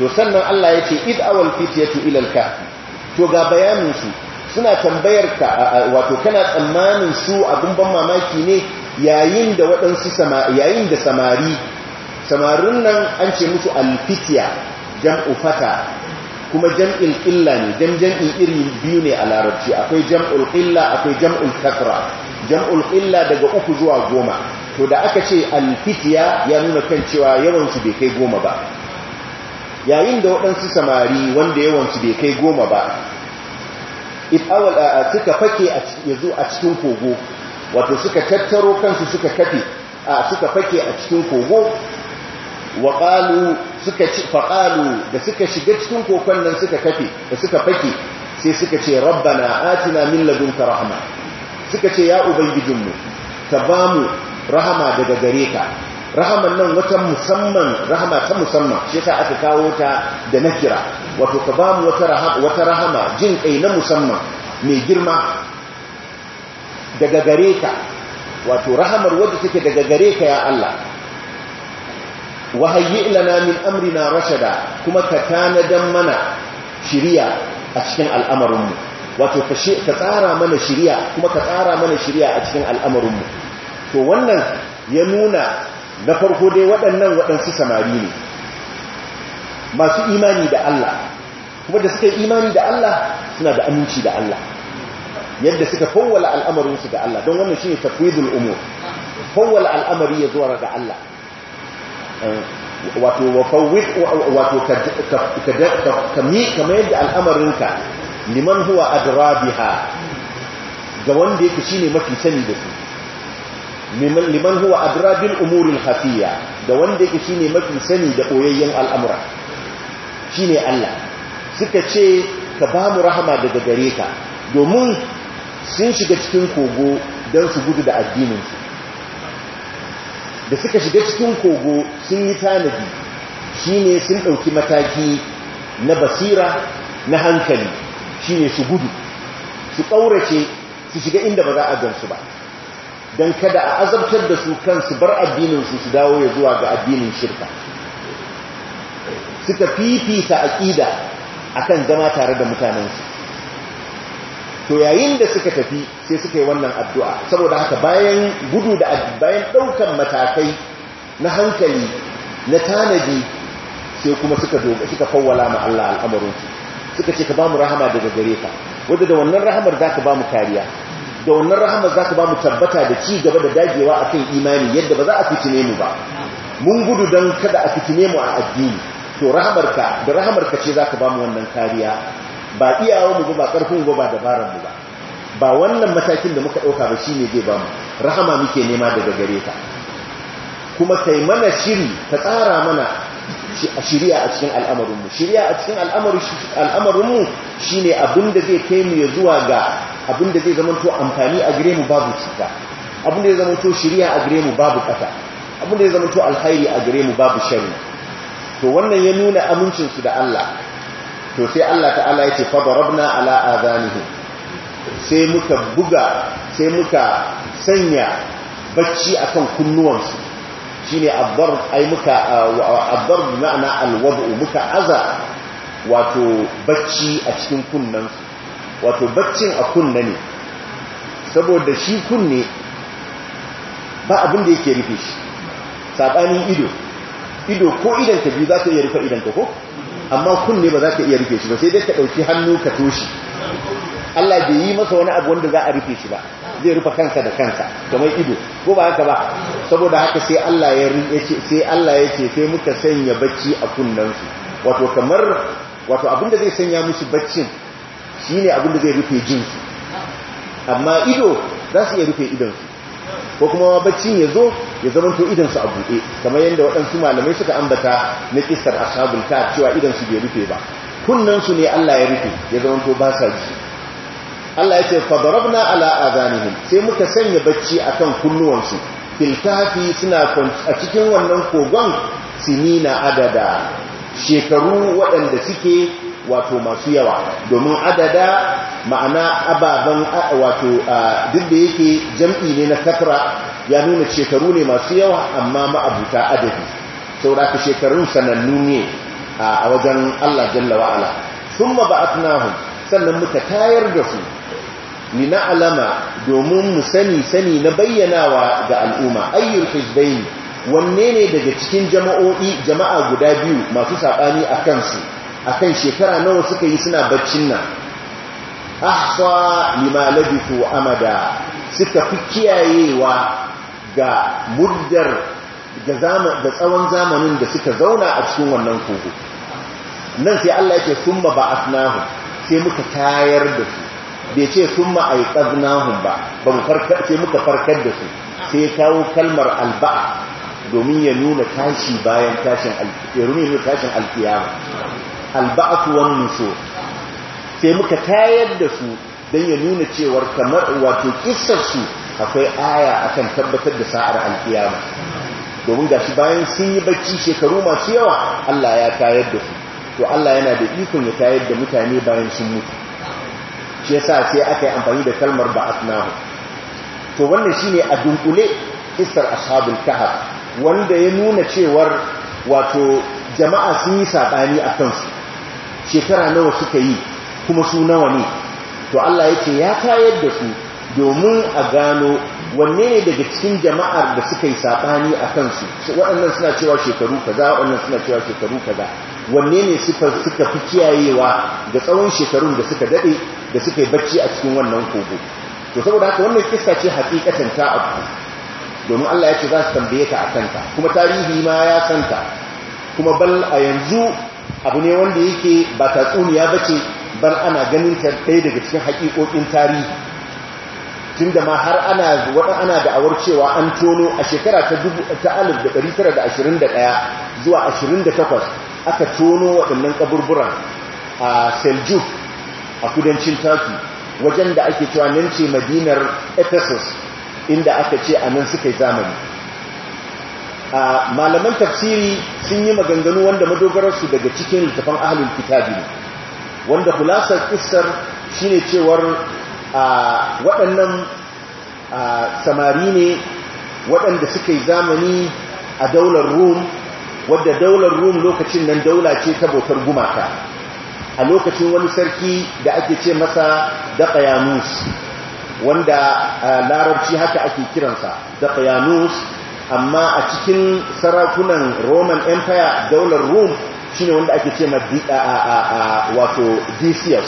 to sannan Allah ya ce id awal fitiyatu ila al-kahfi to ga bayanin su suna tambayar ka wato kana tsammanin su abin ban mamaki ne yayin da waɗansu yayin da samari samarin nan an ce musu al fitiya jam'u fata kuma jam'il illa ne dan jam'i iri biyu ne a larabci akwai jam'ul illa akwai jam'ul kasra jam'ul illa daga uku zuwa goma to da aka ce alfitiya ya nuna kan cewa yawansu bai kai goma ba yayin da waɗansu samari wanda yawansu bai kai goma ba awal a suka fake zo a cikin kogo wato suka tattaro kansu suka kafe a suka fake a cikin kogo waƙalu suka faƙalu da suka shiga cikin kokon nan suka kafe da suka fake sai suka ce rabbana atina min ladunka rahma suka ce ya ubangijinmu ka ba mu rahama daga gare ka rahaman nan wata musamman rahama ta musamman shi yasa aka kawo ta da nakira wato ka bamu wata rahama wata rahama jin kai na musamman mai girma daga gare ka wato rahamar wadda take daga gare ka ya Allah wahayyi lana min amrina rashada kuma ka tanadan mana shiriya a cikin mu wato ka tsara mana shiriya kuma ka tsara mana shiriya a cikin mu. to wannan ya nuna na farko dai waɗannan waɗansu samari ne masu imani da Allah kuma da suka yi imani da Allah suna da aminci da Allah yadda suka fawwala al'amarinsu ga Allah don wannan shi ne tafwidul umur fawwala al'amari ya zuwa ga Allah wato wato mayar da al'amarinka liman huwa adrabiha ga wanda yake ne mafi sani da su liman huwa adrabil bil al khafiya da wanda yake shine mafi sani da koyayyen al'amura shine Allah suka ce ka ba mu rahama daga gare ka domin sun shiga cikin kogo don su gudu da addininsu da suka shiga cikin kogo sun yi tanadi shine sun ɗauki mataki na basira na hankali shine su gudu su ƙaurace su shiga inda ba za a gansu ba don kada a azabtar da su kan su bar addinin su su dawo ya zuwa ga addinin shirka suka fifita aƙida kan zama tare da mutanensu to yayin da suka tafi sai suka yi wannan addu'a saboda haka bayan gudu da bayan ɗaukan matakai na hankali na tanadi sai kuma suka doga suka fawwala ma Allah al'amarinsu suka ce ka ba mu rahama daga gare ka wadda da wannan rahamar za ka ba mu kariya da wannan rahama za ka ba mu tabbata da ci gaba da dagewa a kan imani yadda ba za a fitine mu ba mun gudu don kada a fitine mu a addini to rahamarka da rahamarka ce za ka ba mu wannan kariya ba iyawa mu ba ƙarfin goba ba dabarar mu ba ba wannan matakin da muka ɗauka ba shi shine zai ba mu rahama muke nema daga gare ka kuma kai mana shiri ka tsara mana shirya a cikin al'amarinmu shirya a cikin al'amarinmu shi ne abin da zai kai mu ya zuwa ga abinda zai zama to amfani a gare mu babu cuta abinda zai zama to shiriya a gare mu babu kasa abinda zai zama to alkhairi a gare mu babu sharri to wannan ya nuna amincin su da Allah to sai Allah ta'ala ya ce fa rabna ala adanihi sai muka buga sai muka sanya bacci akan kunnuwansu shine abdar ai muka abdar ma'ana alwad'u muka aza wato bacci a cikin kunnansu wato baccin a kunna ne saboda shi kunne ba abin da yake rufe shi saɓanin ido ido ko idan ka biyu za ka iya rufe idan ta ko amma kunne ba za ka iya rufe shi ba sai dai ka ɗauki hannu ka toshi Allah bai yi masa wani abu wanda za a rufe shi ba zai rufe kansa da kansa kamar ido ko ba haka ba saboda haka sai Allah ya ce sai Allah ya ce sai muka sanya bacci a kunnansu wato kamar wato abinda zai sanya musu baccin shi ne abin da zai rufe jinsu amma ido za su iya rufe idansu ko kuma baccin ya zo ya zama to idansu a buɗe kamar yadda waɗansu malamai suka ambata na kistar ashabul ta cewa idansu bai rufe ba kunnansu ne Allah ya rufe ya zama to ba sa ji Allah ya ce fadarabna ala azanihim sai muka sanya bacci akan kunnuwansu filtafi suna a cikin wannan kogon sinina adada shekaru waɗanda suke wato masu yawa domin adada ma'ana ababen wato duk da yake jam'i ne na takra ya nuna shekaru ne masu yawa amma ma'abuta adadi sauraka shekarun sanannu ne a wajen Allah jalla wa'ala sun hun sannan muka tayar da su Nina alama domin mu sani sani na bayyanawa ga al'umma ayyul hizbaini wanne ne daga cikin jama'o'i jama'a guda biyu masu saɓani a kansu akan shekara nawa suka yi suna baccin nan ahsa limalabiku amada suka fi kiyayewa ga muddar da tsawon zamanin da suka zauna a cikin wannan kogo nan sai Allah yake summa ba asnahu sai muka tayar da su bai ce summa aiqadnahum ba ba mu farkar sai muka farkar da su sai ya kawo kalmar alba domin ya nuna tashi bayan tashin alkiyama albatu wan nushur sai muka tayar da su dan ya nuna cewar kamar wato kissar su akwai aya akan tabbatar da sa'ar alkiyama domin gashi bayan sun yi bacci shekaru masu yawa Allah ya tayar da su to Allah yana da ikon ya tayar da mutane bayan sun mutu shi yasa sai aka yi amfani da kalmar ba'atnahu to wannan shine a dunkule kissar ashabul kahf wanda ya nuna cewar wato jama'a sun yi saɓani a kansu shekara nawa suka yi kuma su nawa ne to Allah yake ya tayar da su domin a gano wanne ne daga cikin jama'ar da suka yi saɓani a kansu waɗannan suna cewa shekaru kaza waɗannan suna cewa shekaru kaza wanne ne suka fi kiyayewa ga tsawon shekarun da suka daɗe da suka yi bacci a cikin wannan kogo to saboda haka wannan kissa ce hakikatan ta abu domin Allah yake za su tambaye ka a kanta kuma tarihi ma ya santa kuma bal a yanzu abu ne wanda yake ba tatsuniya ba ce ban ana ganin ta ɗaya daga cikin haƙiƙoƙin tarihi tun da ma har ana waɗa ana awar cewa an tono a shekara ta 1921 zuwa 28 aka tono waɗannan ƙaburburan a seljuk a kudancin taki wajen da ake cewa nan ce madinar ephesus inda aka ce a nan suka yi zamani a malaman tafsiri sun yi maganganu wanda madogararsu daga cikin littafan ahalin kitabi ne wanda kulasar shi shine cewar waɗannan samari ne waɗanda suka yi zamani a daular rum wadda daular rum lokacin nan daula ce ta bautar gumaka a lokacin wani sarki da ake ce masa daga yanus wanda larabci haka ake kiransa daga yanus amma a cikin sarakunan roman empire daular rome shine wanda ake ce ma wato decius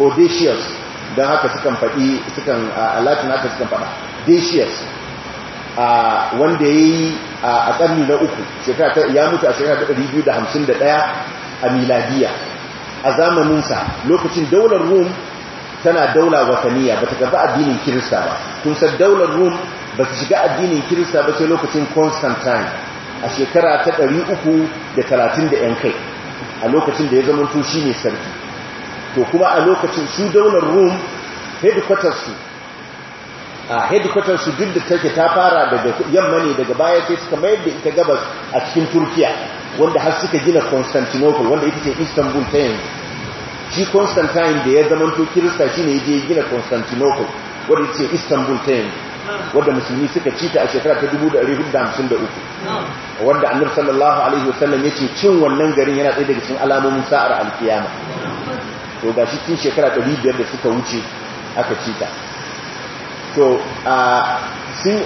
ko decius don haka sukan faɗi sukan latin haka sukan faɗa decius wanda ya yi a ƙarni na uku ya mutu a shekara 251 a miladiya a zamaninsa lokacin daular rome tana daula wataniya ba ta karɓi addinin kirista ba kun daular rome ba su shiga addinin kirista ba sai lokacin constantine a shekara ta 330 da kai a lokacin da ya zama shi ne sarki to kuma a lokacin su daular rum headquartersu a headquartersu duk da take ta fara daga yamma ne daga baya sai suka mayar da ita gabas a cikin turkiya wanda har suka gina constantinople wanda ita ce istanbul ta yanzu shi constantine da ya zama kirista shi ne ya je gina constantinople wanda ita ce istanbul ta yanzu wadda musulmi suka ci ta a shekara ta 1453 wanda annabi sallallahu alaihi wasallam yace cin wannan garin yana ɗaya daga cikin alamomin sa'ar alkiyama to gashi cikin shekara 500 da suka wuce aka ci to a sun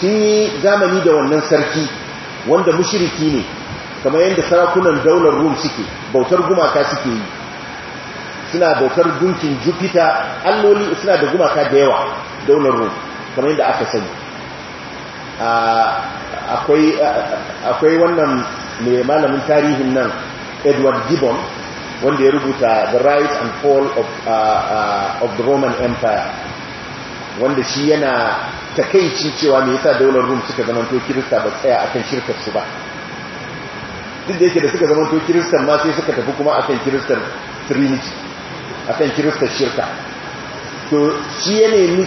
yi zamani da wannan sarki wanda mushiriki ne kamar yadda sarakunan daular rum suke bautar gumaka suke yi suna bautar gunkin jupiter alloli suna da gumaka da yawa daular rum kamar yadda aka sani akwai wannan mai malamin tarihin nan edward gibbon wanda ya rubuta the rise and fall of, the roman empire wanda shi yana takaici cewa mai yasa daular rum suka zamanto kirista ba tsaya akan shirkar su ba duk da yake da suka zamanto kiristan ma sai suka tafi kuma akan kiristan trinity akan kiristan shirka to shi ya nemi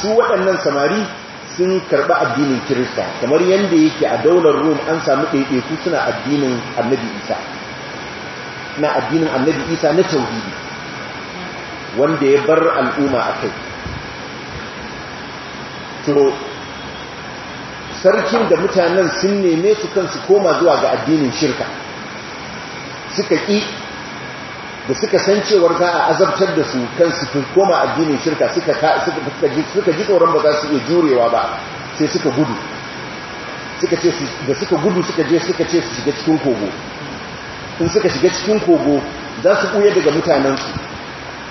su waɗannan samari sun karɓi addinin kirista kamar yadda yake a daular rum an samu ɗaiɗaiku suna addinin annabi isa na addinin annabi isa na tauhidi wanda ya bar al'umma a kai to sarkin da mutanen sun neme su kansu koma zuwa ga addinin shirka suka ƙi da suka san cewar za a azabtar da su kan su koma addinin shirka suka ji tsoron ba za su iya jurewa ba sai suka gudu da suka gudu suka je suka ce su shiga cikin kogo in suka shiga cikin kogo za su ɓuye daga mutanensu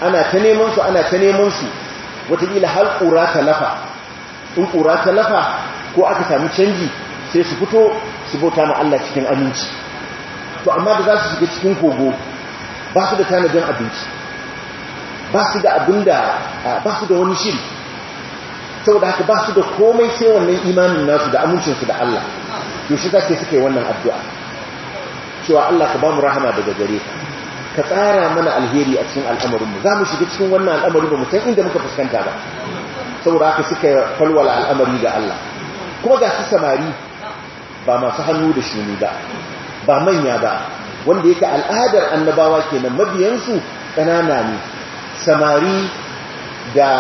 ana ta neman su ana ta neman su watakila har ƙura ta lafa in ƙura ta lafa ko aka sami canji sai su fito su bauta na Allah cikin aminci to amma da za su shiga cikin kogo ba su da tanadin abinci ba su da abin da ba su da wani shiri saboda haka ba su da komai sai wannan imanin nasu da amincinsu da Allah shi za ke suke wannan addu'a cewa Allah ka ba mu rahama daga gare ka tsara mana alheri a cikin al'amarinmu za mu shiga cikin wannan al'amarinmu ba mu san inda muka fuskanta ba saboda haka suka falwala al'amari ga Allah kuma ga su samari ba masu hannu da shuni ba ba manya ba wanda yake al'adar annabawa kenan mabiyansu ƙanana ne samari da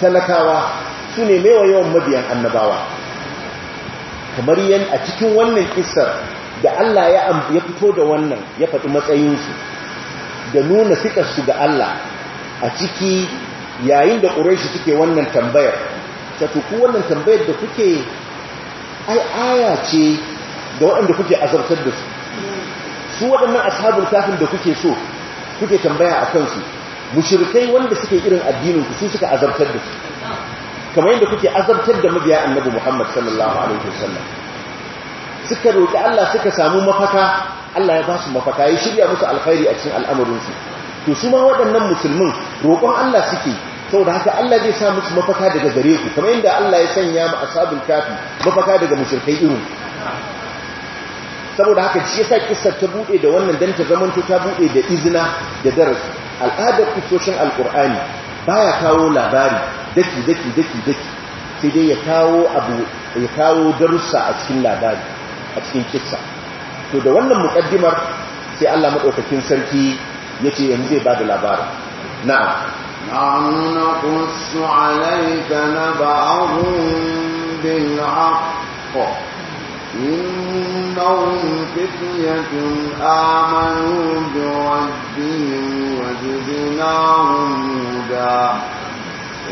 talakawa su ne mewa yawan mabiyan annabawa kamar yan a cikin wannan kisar da Allah ya fito da wannan ya faɗi matsayinsu da nuna fikarsu ga Allah a ciki yayin da ƙuraishi suke wannan tambayar ku wannan tambayar da kuke ai aya ce ga waɗanda kuke azartar da su su waɗannan ashabul kafin da kuke so kuke tambaya a kansu mushirikai wanda suke irin addinin ku su suka azabtar da su kamar yadda kuke azabtar da mabiya annabi Muhammad sallallahu alaihi wasallam suka roki Allah suka samu mafaka Allah ya ba su mafaka ya shirya musu alkhairi a cikin al'amarin to su ma waɗannan musulmin roƙon Allah suke saboda haka Allah zai sa musu mafaka daga gare ku kamar yadda Allah ya sanya ma ashabul kafi mafaka daga mushirikai irin saboda haka shi yasa kissa ta bude da wannan dan ta zamanto ta bude da izina da darasi al'adar kisoshin alqur'ani baya kawo labari daki daki daki daki sai dai ya kawo abu ya kawo darussa a cikin labari a cikin kissa to da wannan muqaddimar sai Allah madaukakin sarki yace yanzu zai bada labari na'am na'am naqussu alayka naba'ahum bil haqq إنهم فتية آمنوا بربهم وزدناهم هدى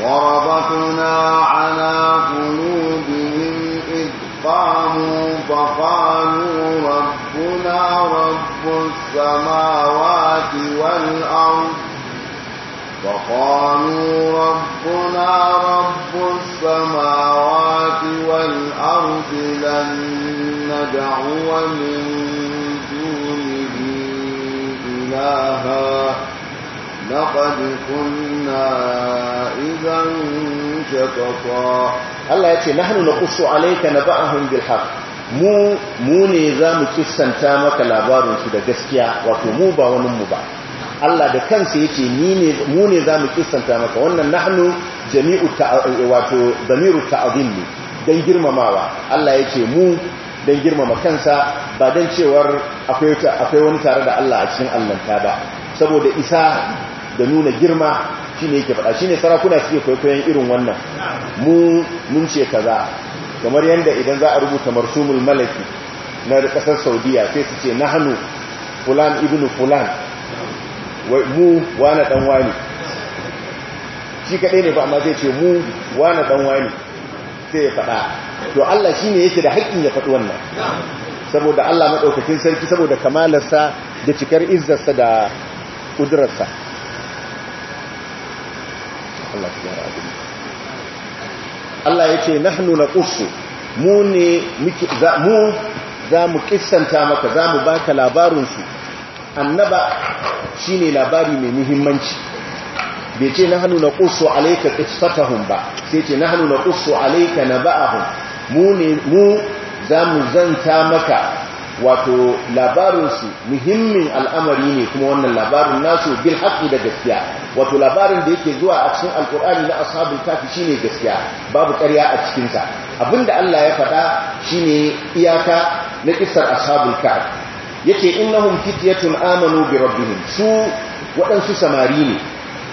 وربطنا على قلوبهم إذ قاموا فقالوا ربنا رب السماوات والأرض فقالوا ربنا رب السماوات والأرض لن ندعو من دونه إلها لقد كنا إذا الله يتي نحن نقص عليك نبأهم بالحق mu mu ne za mu kissanta maka labarinsu da gaskiya wato mu ba ba Allah da kansa yake ni ne mu ne zamu kissanta maka wannan nahnu jami'u wato damiru ta'zim dan girmamawa Allah yake mu dan girmama kansa ba dan cewar akwai akwai wani tare da Allah a cikin allanta ba saboda isa da nuna girma shine yake faɗa shine sarakuna suke kwaikwayon irin wannan mu mun ce kaza kamar yanda idan za a rubuta marsumul malaki na kasar saudiya sai su ce nahnu fulan ibnu fulan mu wane dan wani shi kaɗai ne ba amma zai ce mu wane dan wani sai ya faɗa. to Allah shi ne yake da haƙƙin ya faɗi wannan saboda Allah maɗaukakin sarki saboda kamalarsa da cikar izzarsa da kudurarsa Allah ya ce abin Allah ya ce mu ne za mu kisanta maka za mu baka ka su annaba shine labari mai muhimmanci bai ce na hannu na ƙusso alaika ƙisfatahun ba sai ce na hannu na ƙusso alaika na ba'ahun mu za mu zanta maka wato labarinsu muhimmin al'amari ne kuma wannan labarin nasu bil haƙi da gaskiya wato labarin da yake zuwa a cikin alƙur'ani na tafi shi ne gaskiya babu ƙarya a cikinsa abinda Allah ya faɗa shi ne iyaka na ƙisar ashabin kafi yace innahum fityatun amanu bi rabbihim su waɗansu samari ne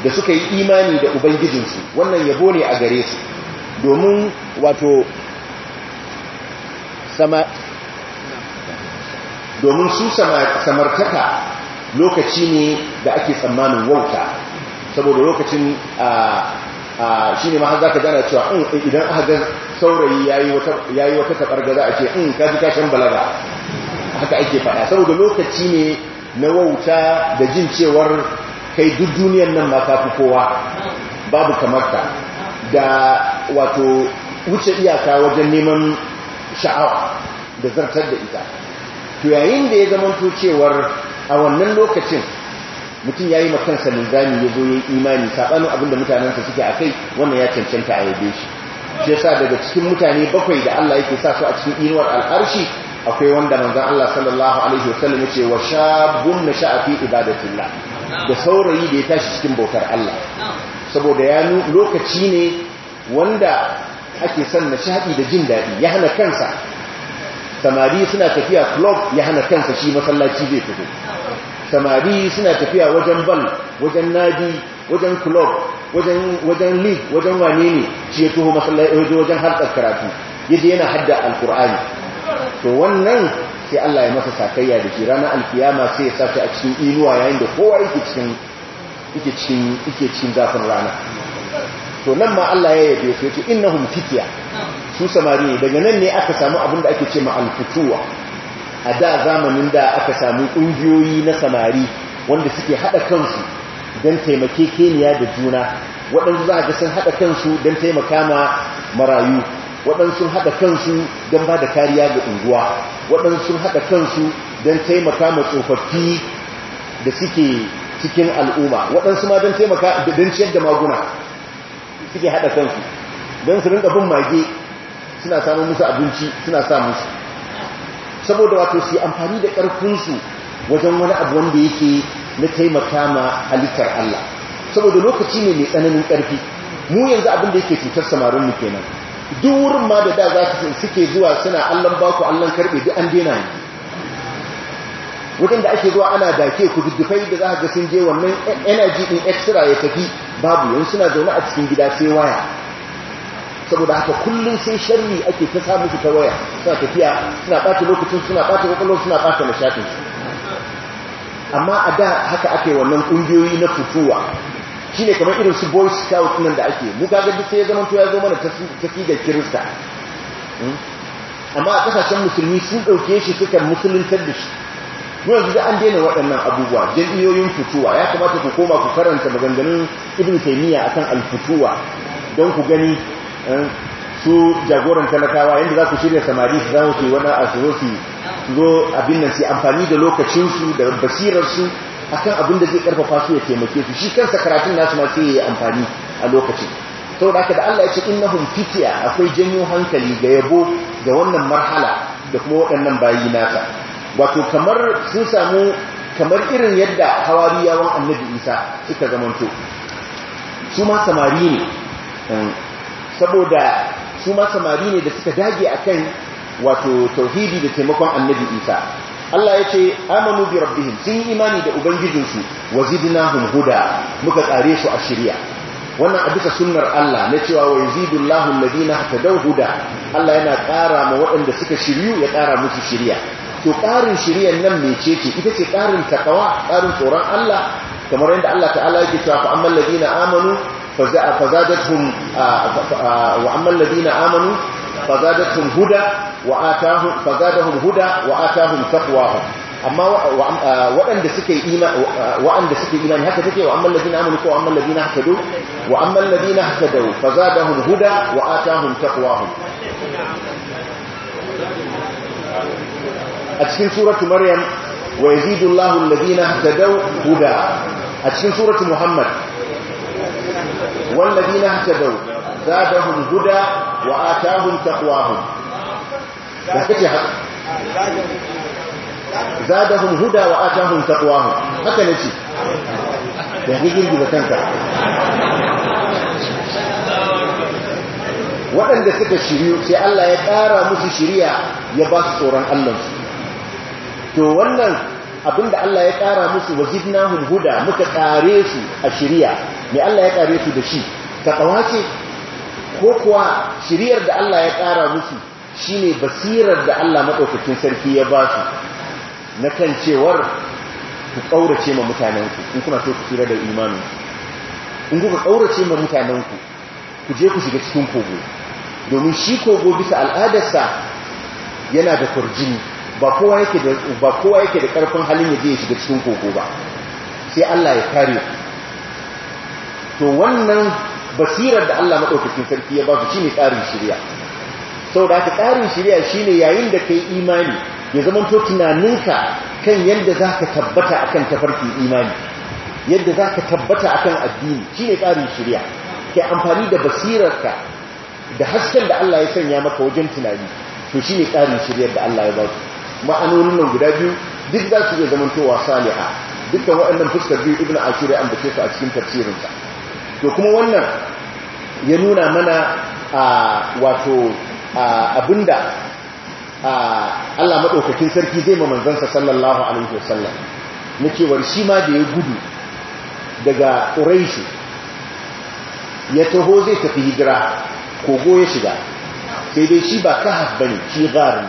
da suka yi imani da ubangijinsu wannan yabo ne a gare su domin wato sama domin su samartaka lokaci ne da ake tsammanin wauta saboda lokacin a shi ne har zaka gana cewa idan aka saurayi ya yi wata taɓar za' a ce in kaji kashin balaga haka ake faɗa saboda lokaci ne na wauta da jin cewar kai duk duniyar nan ma fi kowa babu kamar ka da wato wuce iyaka wajen neman sha'awa da zartar da ita to yayin da ya zama to cewar a wannan lokacin mutum ya yi makansa linzami ya zo ya yi imani saɓanin abinda mutanensa suke a kai wannan ya cancanta a yabe shi shi yasa daga cikin mutane bakwai da Allah yake sa su a cikin inuwar al'arshi akwai wanda manzon Allah sallallahu alaihi wasallam yace wa shabun nasha'a fi ibadatillah da saurayi da ya tashi cikin bautar Allah saboda ya lokaci ne wanda ake son nishadi da jin daɗi ya hana kansa samari suna tafiya club ya hana kansa shi masallaci zai fito samari suna tafiya wajen ball, wajen nadi wajen club wajen league wajen wane ne shi ya tuho masallaci wajen harkar karatu yaje yana hadda alkur'ani to wannan sai Allah ya masa sakayya da ke ranar alkiyama sai ya sace a cikin inuwa yayin da kowa yake cikin yake zafin rana to nan ma Allah ya yabe su yace innahum fitya su samari daga nan ne aka samu abin da ake ce ma alfutuwa a da zamanin da aka samu kungiyoyi na samari wanda suke hada kansu taimake keniya da juna waɗanda za ga sun hada kansu don taimaka ma marayu waɗansu haɗa kansu don ba da kariya ga unguwa waɗansu haɗa kansu don taimaka ma tsofaffi da suke cikin al'umma waɗansu ma don taimaka don ciyar da maguna suke haɗa kansu don su rinka bin mage suna samun musu abinci suna sa musu saboda wato su amfani da ƙarfinsu wajen wani abu wanda yake na taimaka ma halittar Allah saboda lokaci ne mai tsananin ƙarfi mu yanzu abin da yake cutar samarin mu kenan duk wurin ma da da za su suke zuwa suna allon baku allon karbe duk an dina ne Wajen da ake zuwa ana dake ku duddufai da za a gasin je wannan energy in extra ya tafi babu yin suna zaune a cikin gida sai waya saboda haka kullum sai sharri ake ta samu su ta waya suna tafiya suna ɓata lokacin suna ɓata kwakwalwar suna ɓata nishaɗinsu amma a da haka ake wannan ƙungiyoyi na fufuwa. shi ne kamar irin su boy scout nan da ake mu kaga duk sai ya zama to ya zo mana tafi ga kirista hmm? amma a kasashen musulmi sun dauke shi suka musuluntar da shi mu yanzu an daina waɗannan abubuwa jam'iyoyin fituwa ya kamata ku koma ku karanta maganganun ibn taymiya akan al-fituwa don ku gani eh, su jagoran talakawa yadda za ku shirya samari su zama ke wani a su zo abin nan su amfani da lokacinsu da basirarsu akan abin da zai karfafa su ya taimake su shi kansa karatun nasu ma sai ya yi amfani a lokacin saboda haka da Allah ya ce innahum fitiya akwai janyo hankali ga yabo ga wannan marhala da kuma waɗannan bayi nasa wato kamar sun samu kamar irin yadda hawariyawan annabi isa suka zamanto su ma samari ne ehm, saboda su ma samari ne da suka dage akan wato tauhidi da taimakon annabi isa Allah ya ce amanu bi rabbihim sun imani da ubangijinsu wa zidnahum huda muka tsare su a shirya wannan a duka sunnar Allah na cewa wa yazidullahu alladhina hatadaw huda Allah yana ƙara ma waɗanda suka shiryu ya ƙara musu shirya to ƙarin shiryan nan mecece ita ce ƙarin takawa ƙarin tsoron Allah kamar yadda Allah ta'ala yake cewa fa amman ladina amanu fa zadatuhum wa amman ladina amanu فزادتهم هدى وآتاهم فزادهم هدى وآتاهم تقواهم amma waɗanda suke imani waɗanda suke imani haka take wa amman ladina amanu ko amman ladina hakadu wa amman ladina hakadu fazadahum huda wa atahum taqwahum a cikin suratu maryam wa yazidu allahu alladina hakadu huda a cikin suratu muhammad wal ladina hakadu zadahum huda wa atahum taqwahum da kace haka zadahum huda wa atahum taqwahum haka ne ce da gigirgi da kanka waɗanda suka shiryu sai Allah ya ƙara musu shiriya ya ba su tsoron Allah to wannan abinda Allah ya ƙara musu wajidnahum huda muka ƙare su a shiriya me Allah ya ƙare su da shi taqwa ce ko kuwa shiriyar da Allah ya ƙara musu shi ne basirar da Allah maɗaukakin sarki ya ba su na kan cewar ku ƙaurace ma mutanenku in kuna so ku tsira da imanin in kuka ƙaurace ma mutanenku ku je ku shiga cikin kogo domin shi kogo bisa al'adarsa yana da kurjini ba kowa yake da da ƙarfin halin ya je ya shiga cikin kogo ba sai Allah ya kare to wannan basirar da Allah maɗaukakin sarki ya ba su shine tsarin shirya da aka tsarin shirya shine yayin da ka yi imani ya zama to tunaninka kan yadda za ka tabbata akan tafarkin imani yadda za ka tabbata akan addini shine tsarin shirya kai amfani da basirarka da hasken da Allah ya sanya maka wajen tunani to shine tsarin shiryar da Allah ya ba su ma'anonin nan guda biyu duk za su iya wa saliha dukkan waɗannan fuskar biyu ibn ashir an ambace su a cikin tafsirinsa to kuma wannan ya nuna mana a wato abinda Allah maɗaukakin sarki zai ma manzansa sallallahu alaihi wasallam na cewar shi ma da ya gudu daga ƙuraishi ya taho zai tafi hijira kogo ya shiga sai dai shi ba kahaf bane shi gari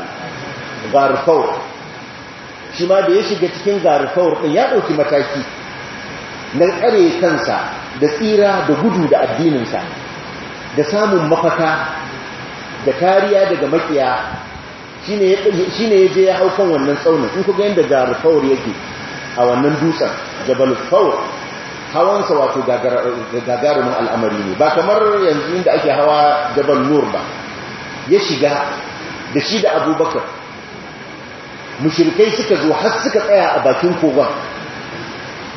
garfawar shi ma da ya shiga cikin garfawar ɗin ya ɗauki mataki na tsare kansa da tsira da gudu da addininsa da samun mafaka da kariya daga makiya shi ne ya je ya hau kan wannan tsaunin in kuga yadda da fawar yake a wannan dutsen jabal hawansa wato gagarumin al'amari ne ba kamar yanzu inda ake hawa jabal nur ba ya shiga da shi da abubakar mushirkai suka zo har suka tsaya a bakin kogon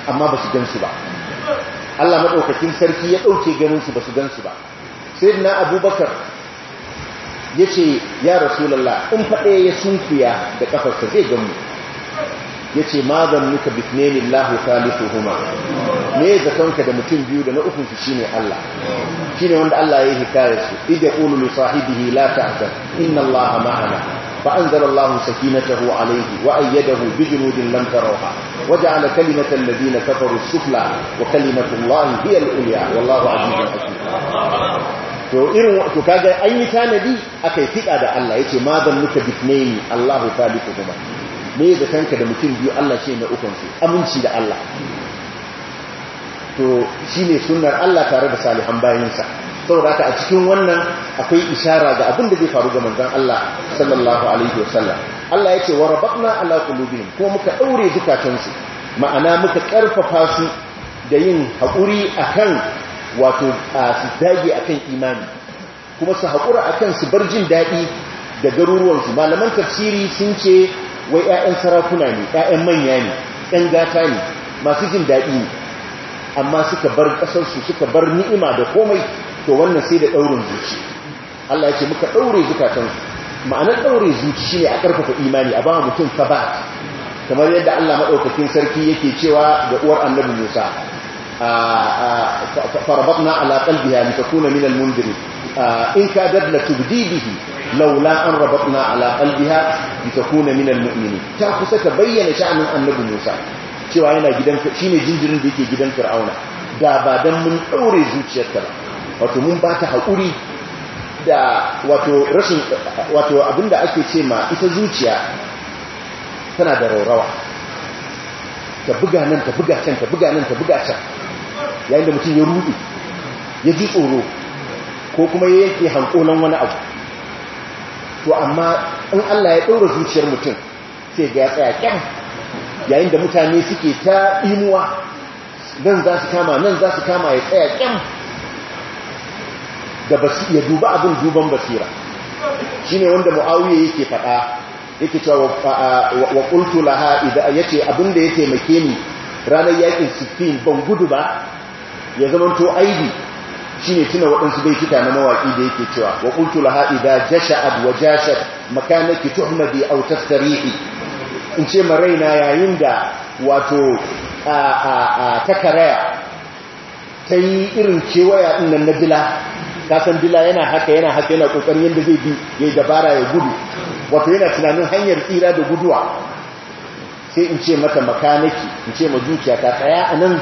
amma ba su gansu ba Allah maɗaukakin sarki ya ɗauke ganinsu ba su gansu ba sai na abubakar ya ce ya rasulallah in faɗe ya sunkuya da ƙafarsa zai ganmu ya ce ma zannuka bisnenin lahu salisu huma ne zatonka da mutum biyu da na ukunsu shi ne Allah shi ne wanda Allah ya yi hikayarsu ida ƙululu sahibihi la ta'azan inna Allah ma'ana فأنزل الله سكينته عليه وأيده بجنود لم تروها وجعل كلمة الذين كفروا السفلى وكلمة الله هي الأولياء والله عزيز حكيم to irin to kaga an yi tanadi akai fiɗa da Allah yace ma zan muka bisnayi Allahu saliku kuma me da kanka da mutum biyu Allah ce na ukun su aminci da Allah to sunnar Allah tare da salihan bayinsa saboda haka a cikin wannan akwai ishara ga abin da zai faru ga manzon Allah sallallahu alaihi wasallam Allah yace wa rabatna ala qulubihim ko muka daure zukatansu ma'ana muka karfafa su da yin hakuri akan wato su dage akan imani kuma su hakura kan su bar jin daɗi da garuruwansu su malaman tafsiri sun ce wai 'ya'yan sarakuna ne 'ya'yan manya ne ƴan gata ne masu jin daɗi ne amma suka bar ƙasarsu suka bar ni'ima da komai to wannan sai da ɗaurin zuci Allah yake muka ɗaure zukatansu ma'anar ɗaure zuci shine a ƙarfafa imani a ba mutum sabat kamar yadda Allah maɗaukakin sarki yake cewa ga uwar annabi Musa farbatna ala qalbiha litakuna min al-mundiri in kadat la laula an rabatna ala qalbiha litakuna min al-mu'minin ta kusa ta bayyana sha'anin annabi Musa cewa yana gidan shine jinjirin da yake gidan Fir'auna da ba dan mun ɗaure zuciyarta ba wato mun ba ta haƙuri da wato rashin wato abinda ake ce ma ita zuciya tana da raurawa ta buga nan ta buga can ta buga nan ta buga can yayin da mutum ya rudi ya ji tsoro ko kuma ya yanke hankolan wani abu to amma in Allah ya ɗaura zuciyar mutum sai ga ya tsaya kyan yayin da mutane suke ta imuwa nan za su kama nan za su kama ya tsaya kyan da ya duba abin duban basira shine wanda muawiya yake fada yake cewa wa qultu laha idan abin da yake make ni ranar yakin sifin ban gudu ba ya zamanto aibi shine tuna waɗansu baituka na mawaki da yake cewa wa qultu laha idha jasha'at wa jashat makanaki tuhmadi aw tastarihi in ce maraina yayin da wato a ta karaya ta yi irin kewaya ɗinnan na bila kasan bila yana haka yana haka yana kokarin yadda zai bi ya dabara ya gudu wato yana tunanin hanyar tsira da guduwa sai in ce mata makanaki in ce ma dukiya ta tsaya a nan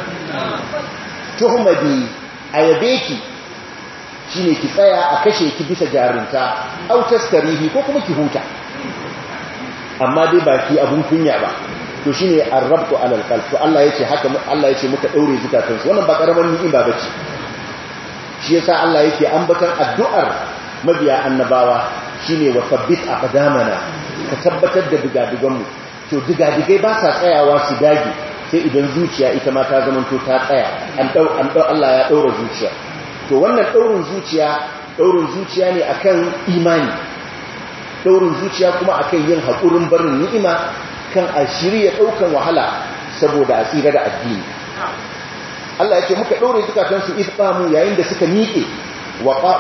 tuhumadi a ki shi ne ki tsaya a kashe ki bisa jarinta autas tarihi ko kuma ki huta amma dai ba ki abun kunya ba to shi ne an rabto alalkal to Allah ya ce haka Allah muka ɗaure zukatansu wannan ba ƙaramin ni'ima ba ce shi yasa Allah yake ambatan addu'ar mabiya annabawa shine wa a aqdamana ka tabbatar da digadigan mu to digadigai ba sa tsayawa su dage sai idan zuciya ita ma ta zama to ta tsaya an dau Allah ya ɗaura zuciya to wannan daurin zuciya daurin zuciya ne akan imani daurin zuciya kuma akan yin hakurin barin ni'ima kan a shirya daukan wahala saboda asira da addini Allah ya ce muka ɗaure zukatansu isbamu yayin da suka miƙe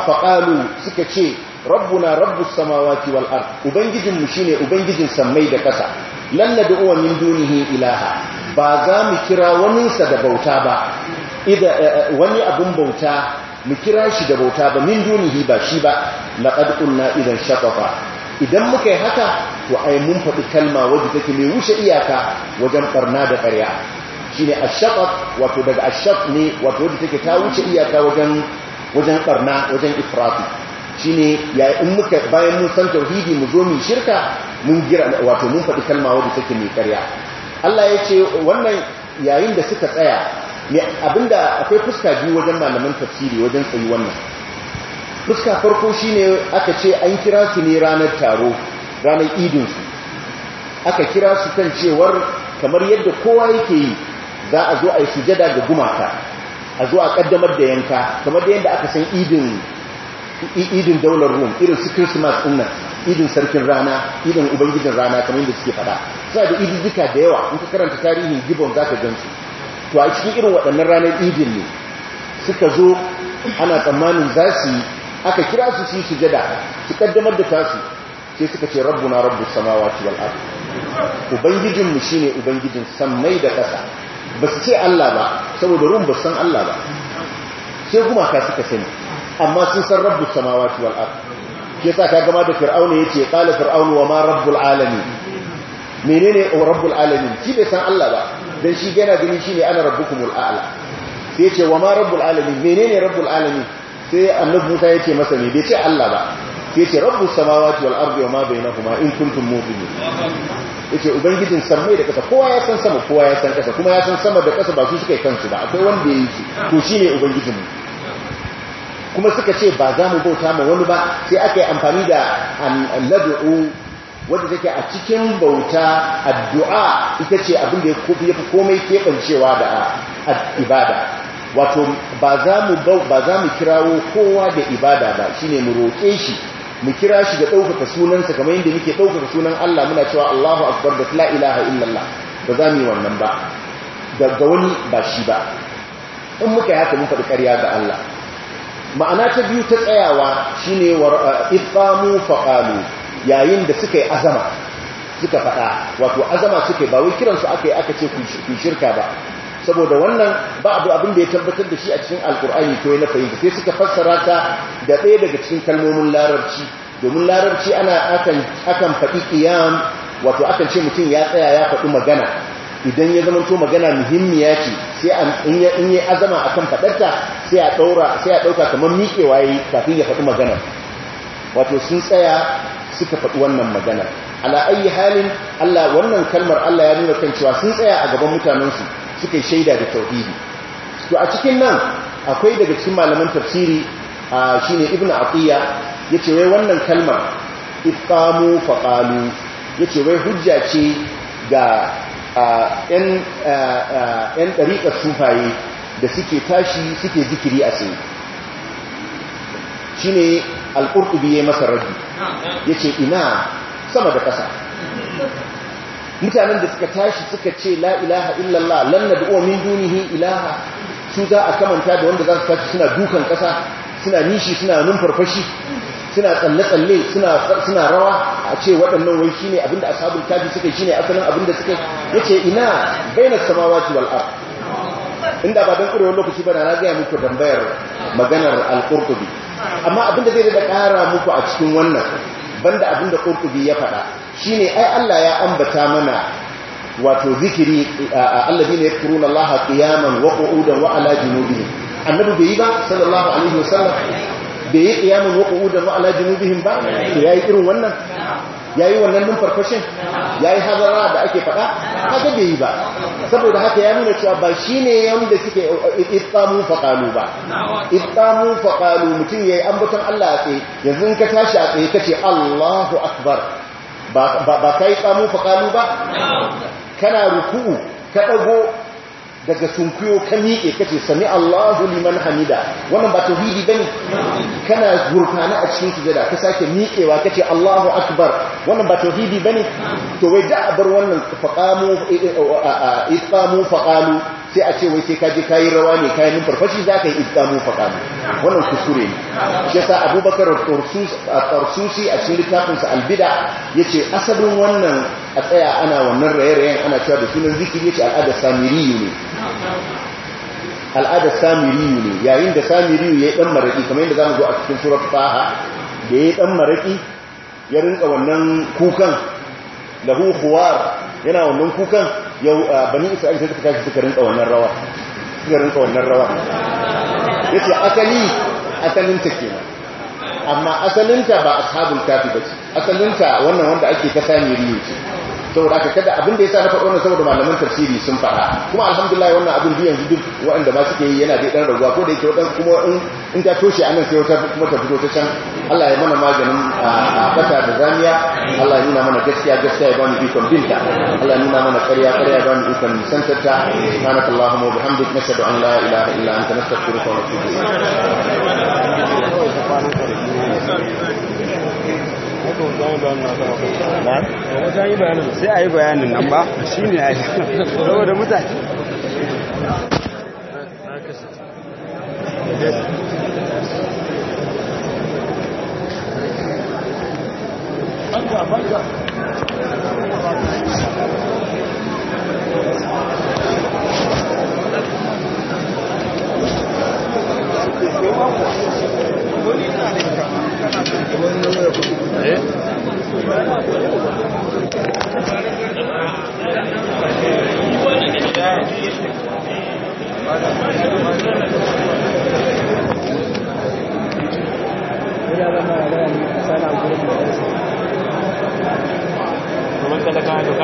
faƙalu suka ce rabbuna rabbus samawati wal ard ubangijinmu shine ubangijin sammai da ƙasa lan uwa min dunihi ilaha ba za mu kira sa da bauta ba eh, eh, wani abun bauta mu kira shi da bauta ba min dunihi ba shi ba laqad qulna idan shaqafa idan muka yi haka to ai mun faɗi kalma wadda take mai wuce iyaka wajen barna da ƙarya shine ash wato daga ashak ne wato wanda take ta wuce iyaka wajen wajen barna wajen ifrati ne ya in muka bayan mun san tauhidi mu zo mu shirka mun gira wato mun faɗi kalma wadda take mai ƙarya Allah ya ce wannan yayin da suka tsaya abinda akwai fuska biyu wajen malaman tafsiri wajen tsayi wannan fuska farko shi ne aka ce an kira su ne ranar taro ranar idinsu aka kira su kan cewar kamar yadda kowa yake yi za a zo a yi sujada ga gumaka a zo a kaddamar da yanka kamar da yadda aka san idin daular rum irin su christmas din idin sarkin rana idin ubangijin rana kamar yadda suke fada suna da idin duka da yawa in ka karanta tarihin gibon za ka gansu to a cikin irin waɗannan ranar idin ne suka zo ana tsammanin za su yi aka kira su su yi sujada su kaddamar da tasu sai suka ce na rabbus samawa wal ardh ubangijinmu shine ubangijin sammai da ƙasa ba su ce Allah ba saboda rum ba san Allah ba sai gumaka suka sani amma sun san rabbus samawati wal ard sa ka gama da fir'auna ce qala fir'aunu wa ma rabbul alamin menene rabbul alamin shi bai san Allah ba dan shi yana gani ne ana rabbukumul a'la sai ce wa ma rabbul alamin menene rabbul alamin sai annabi Musa ce masa ne bai ce Allah ba yake rabbus samawati wal ardi wama bainahuma in kuntum mu'minin yake ubangijin samai da kasa kowa ya san sama kowa ya san kasa kuma ya san sama da kasa ba su suka kansu ba akwai wanda ya yi to shine ubangijin kuma suka ce ba za mu bauta ma wani ba sai aka yi amfani da allad'u wanda take a cikin bauta addu'a ita ce abin da ya fi komai keɓancewa da ibada wato ba za mu kirawo kowa da ibada ba shine mu roƙe shi mu kira shi da ɗaukaka sunansa kamar yadda muke ɗaukaka sunan Allah muna cewa Allahu akbar da la ilaha illallah ba za mu yi wannan ba ga wani ba shi ba in muka yi haka mun faɗi ƙarya ga Allah ma'ana ta biyu ta tsayawa shine uh, ifamu faqalu yayin da suka yi azama suka faɗa wato azama suka ba wai kiransu aka yi aka ce ku shirka ba saboda wannan ba abu abin da ya tabbatar da shi a cikin alkur'ani ko na fahimta sai suka fassara ta da ɗaya daga cikin kalmomin larabci domin larabci ana akan akan faɗi qiyam wato akan ce mutum ya tsaya ya faɗi magana idan ya zama to magana muhimmiya ce sai an in yi azama akan faɗarta sai a sai a ɗauka kamar miƙewa yayi kafin ya faɗi magana wato sun tsaya suka faɗi wannan magana ala ayi halin Allah wannan kalmar Allah ya nuna kan cewa sun tsaya a gaban mutanensu suka shaida da tauhidi to a cikin nan akwai daga cikin malaman tafsiri shine ibn aqiya yace wai wannan kalmar ifqamu faqalu yace wai hujja ce ga yan yan dariƙar sufaye da suke tashi suke zikiri a sai shine alqurtubi ya masa yace ina sama da ƙasa mutanen da suka tashi suka ce la ilaha illallah lan nad'u min dunihi ilaha su za a kamanta da wanda za su tashi suna dukan kasa suna nishi suna numfarfashi suna tsalle-tsalle suna rawa a ce waɗannan wai shine abinda ashabul kafi suka shine asalin abinda suka yace ina baina samawati wal ard inda ba dan kurewa lokaci ba na gaya muku tambayar maganar al-qurtubi amma abinda zai da ƙara muku a cikin wannan banda abinda qurtubi ya faɗa Shi ne ai Allah ya ambata mana wato zikiri alladhina yadhkuruna Allah qiyaman wa qu'udan wa ala bihin. annabi bai yi ba sallallahu alaihi wasallam bai yi qiyaman wa qu'udan wa ala bihin ba to yi irin wannan ya yi wannan nan farfashin yayi hazara da ake faɗa haka bai yi ba saboda haka ya nuna cewa ba ne yanda suke ittamu faqalu ba ittamu faqalu mutum ya yayi ambaton Allah a tsaye yanzu ka tashi a tsaye ce Allahu akbar ba ka yi tsamu faƙalu ba kana ruku'u ka ɗago daga sunkuyo ka miƙe ka ce sami Allahu liman hamida wannan ba ta ba ne. kana gurfana a cikin sujada ka sake miƙewa ka ce Allahu akbar wannan ba ta tauhidi bane to wai da a bar wannan faƙamu faƙalu. sai a ce wai sai ka kayi rawa ne kayi min farfashi za ka yi islamu faƙamu wannan kusure ne shi yasa abubakar tarsusi a cikin littafinsa albida ya ce asalin wannan a tsaya ana wannan raye-rayen ana cewa da sunan zikiri ya ce al'adar samiriyu ne al'adar samiriyu ne yayin da samiriyu ya yi ɗan maraƙi kamar yadda za zo a cikin surat faha da ya yi ɗan maraƙi ya rinka wannan kukan lahu huwar yana wannan kukan yau bani isra'ila sai suka tashi suka rinka wannan rawa suka rinka wannan rawa yace asali asalin ta kenan amma asalinta ba ashabul kafi bace asalinta wannan wanda ake ta sani riyo ce saboda aka kada abin da ya sa na faɗo na saboda malaman tafsiri sun faɗa kuma alhamdulillah wannan abin biyan duk waɗanda ba suke yi yana da ɗan raguwa ko da yake waɗansu kuma in ta toshe a nan sai wata kuma ta fito ta can Allah ya mana maganin bata da zaniya Allah ya nuna mana gaskiya gaskiya ya bani ikon binta Allah ya nuna mana ƙarya ƙarya ya bani ikon santarta subhanakallahumma wa bihamdika nashhadu an la ilaha illa anta nastaghfiruka wa natubu ilayk sai a yi bayanin nan ba shi ne a yi saboda mutane Gracias. Eh?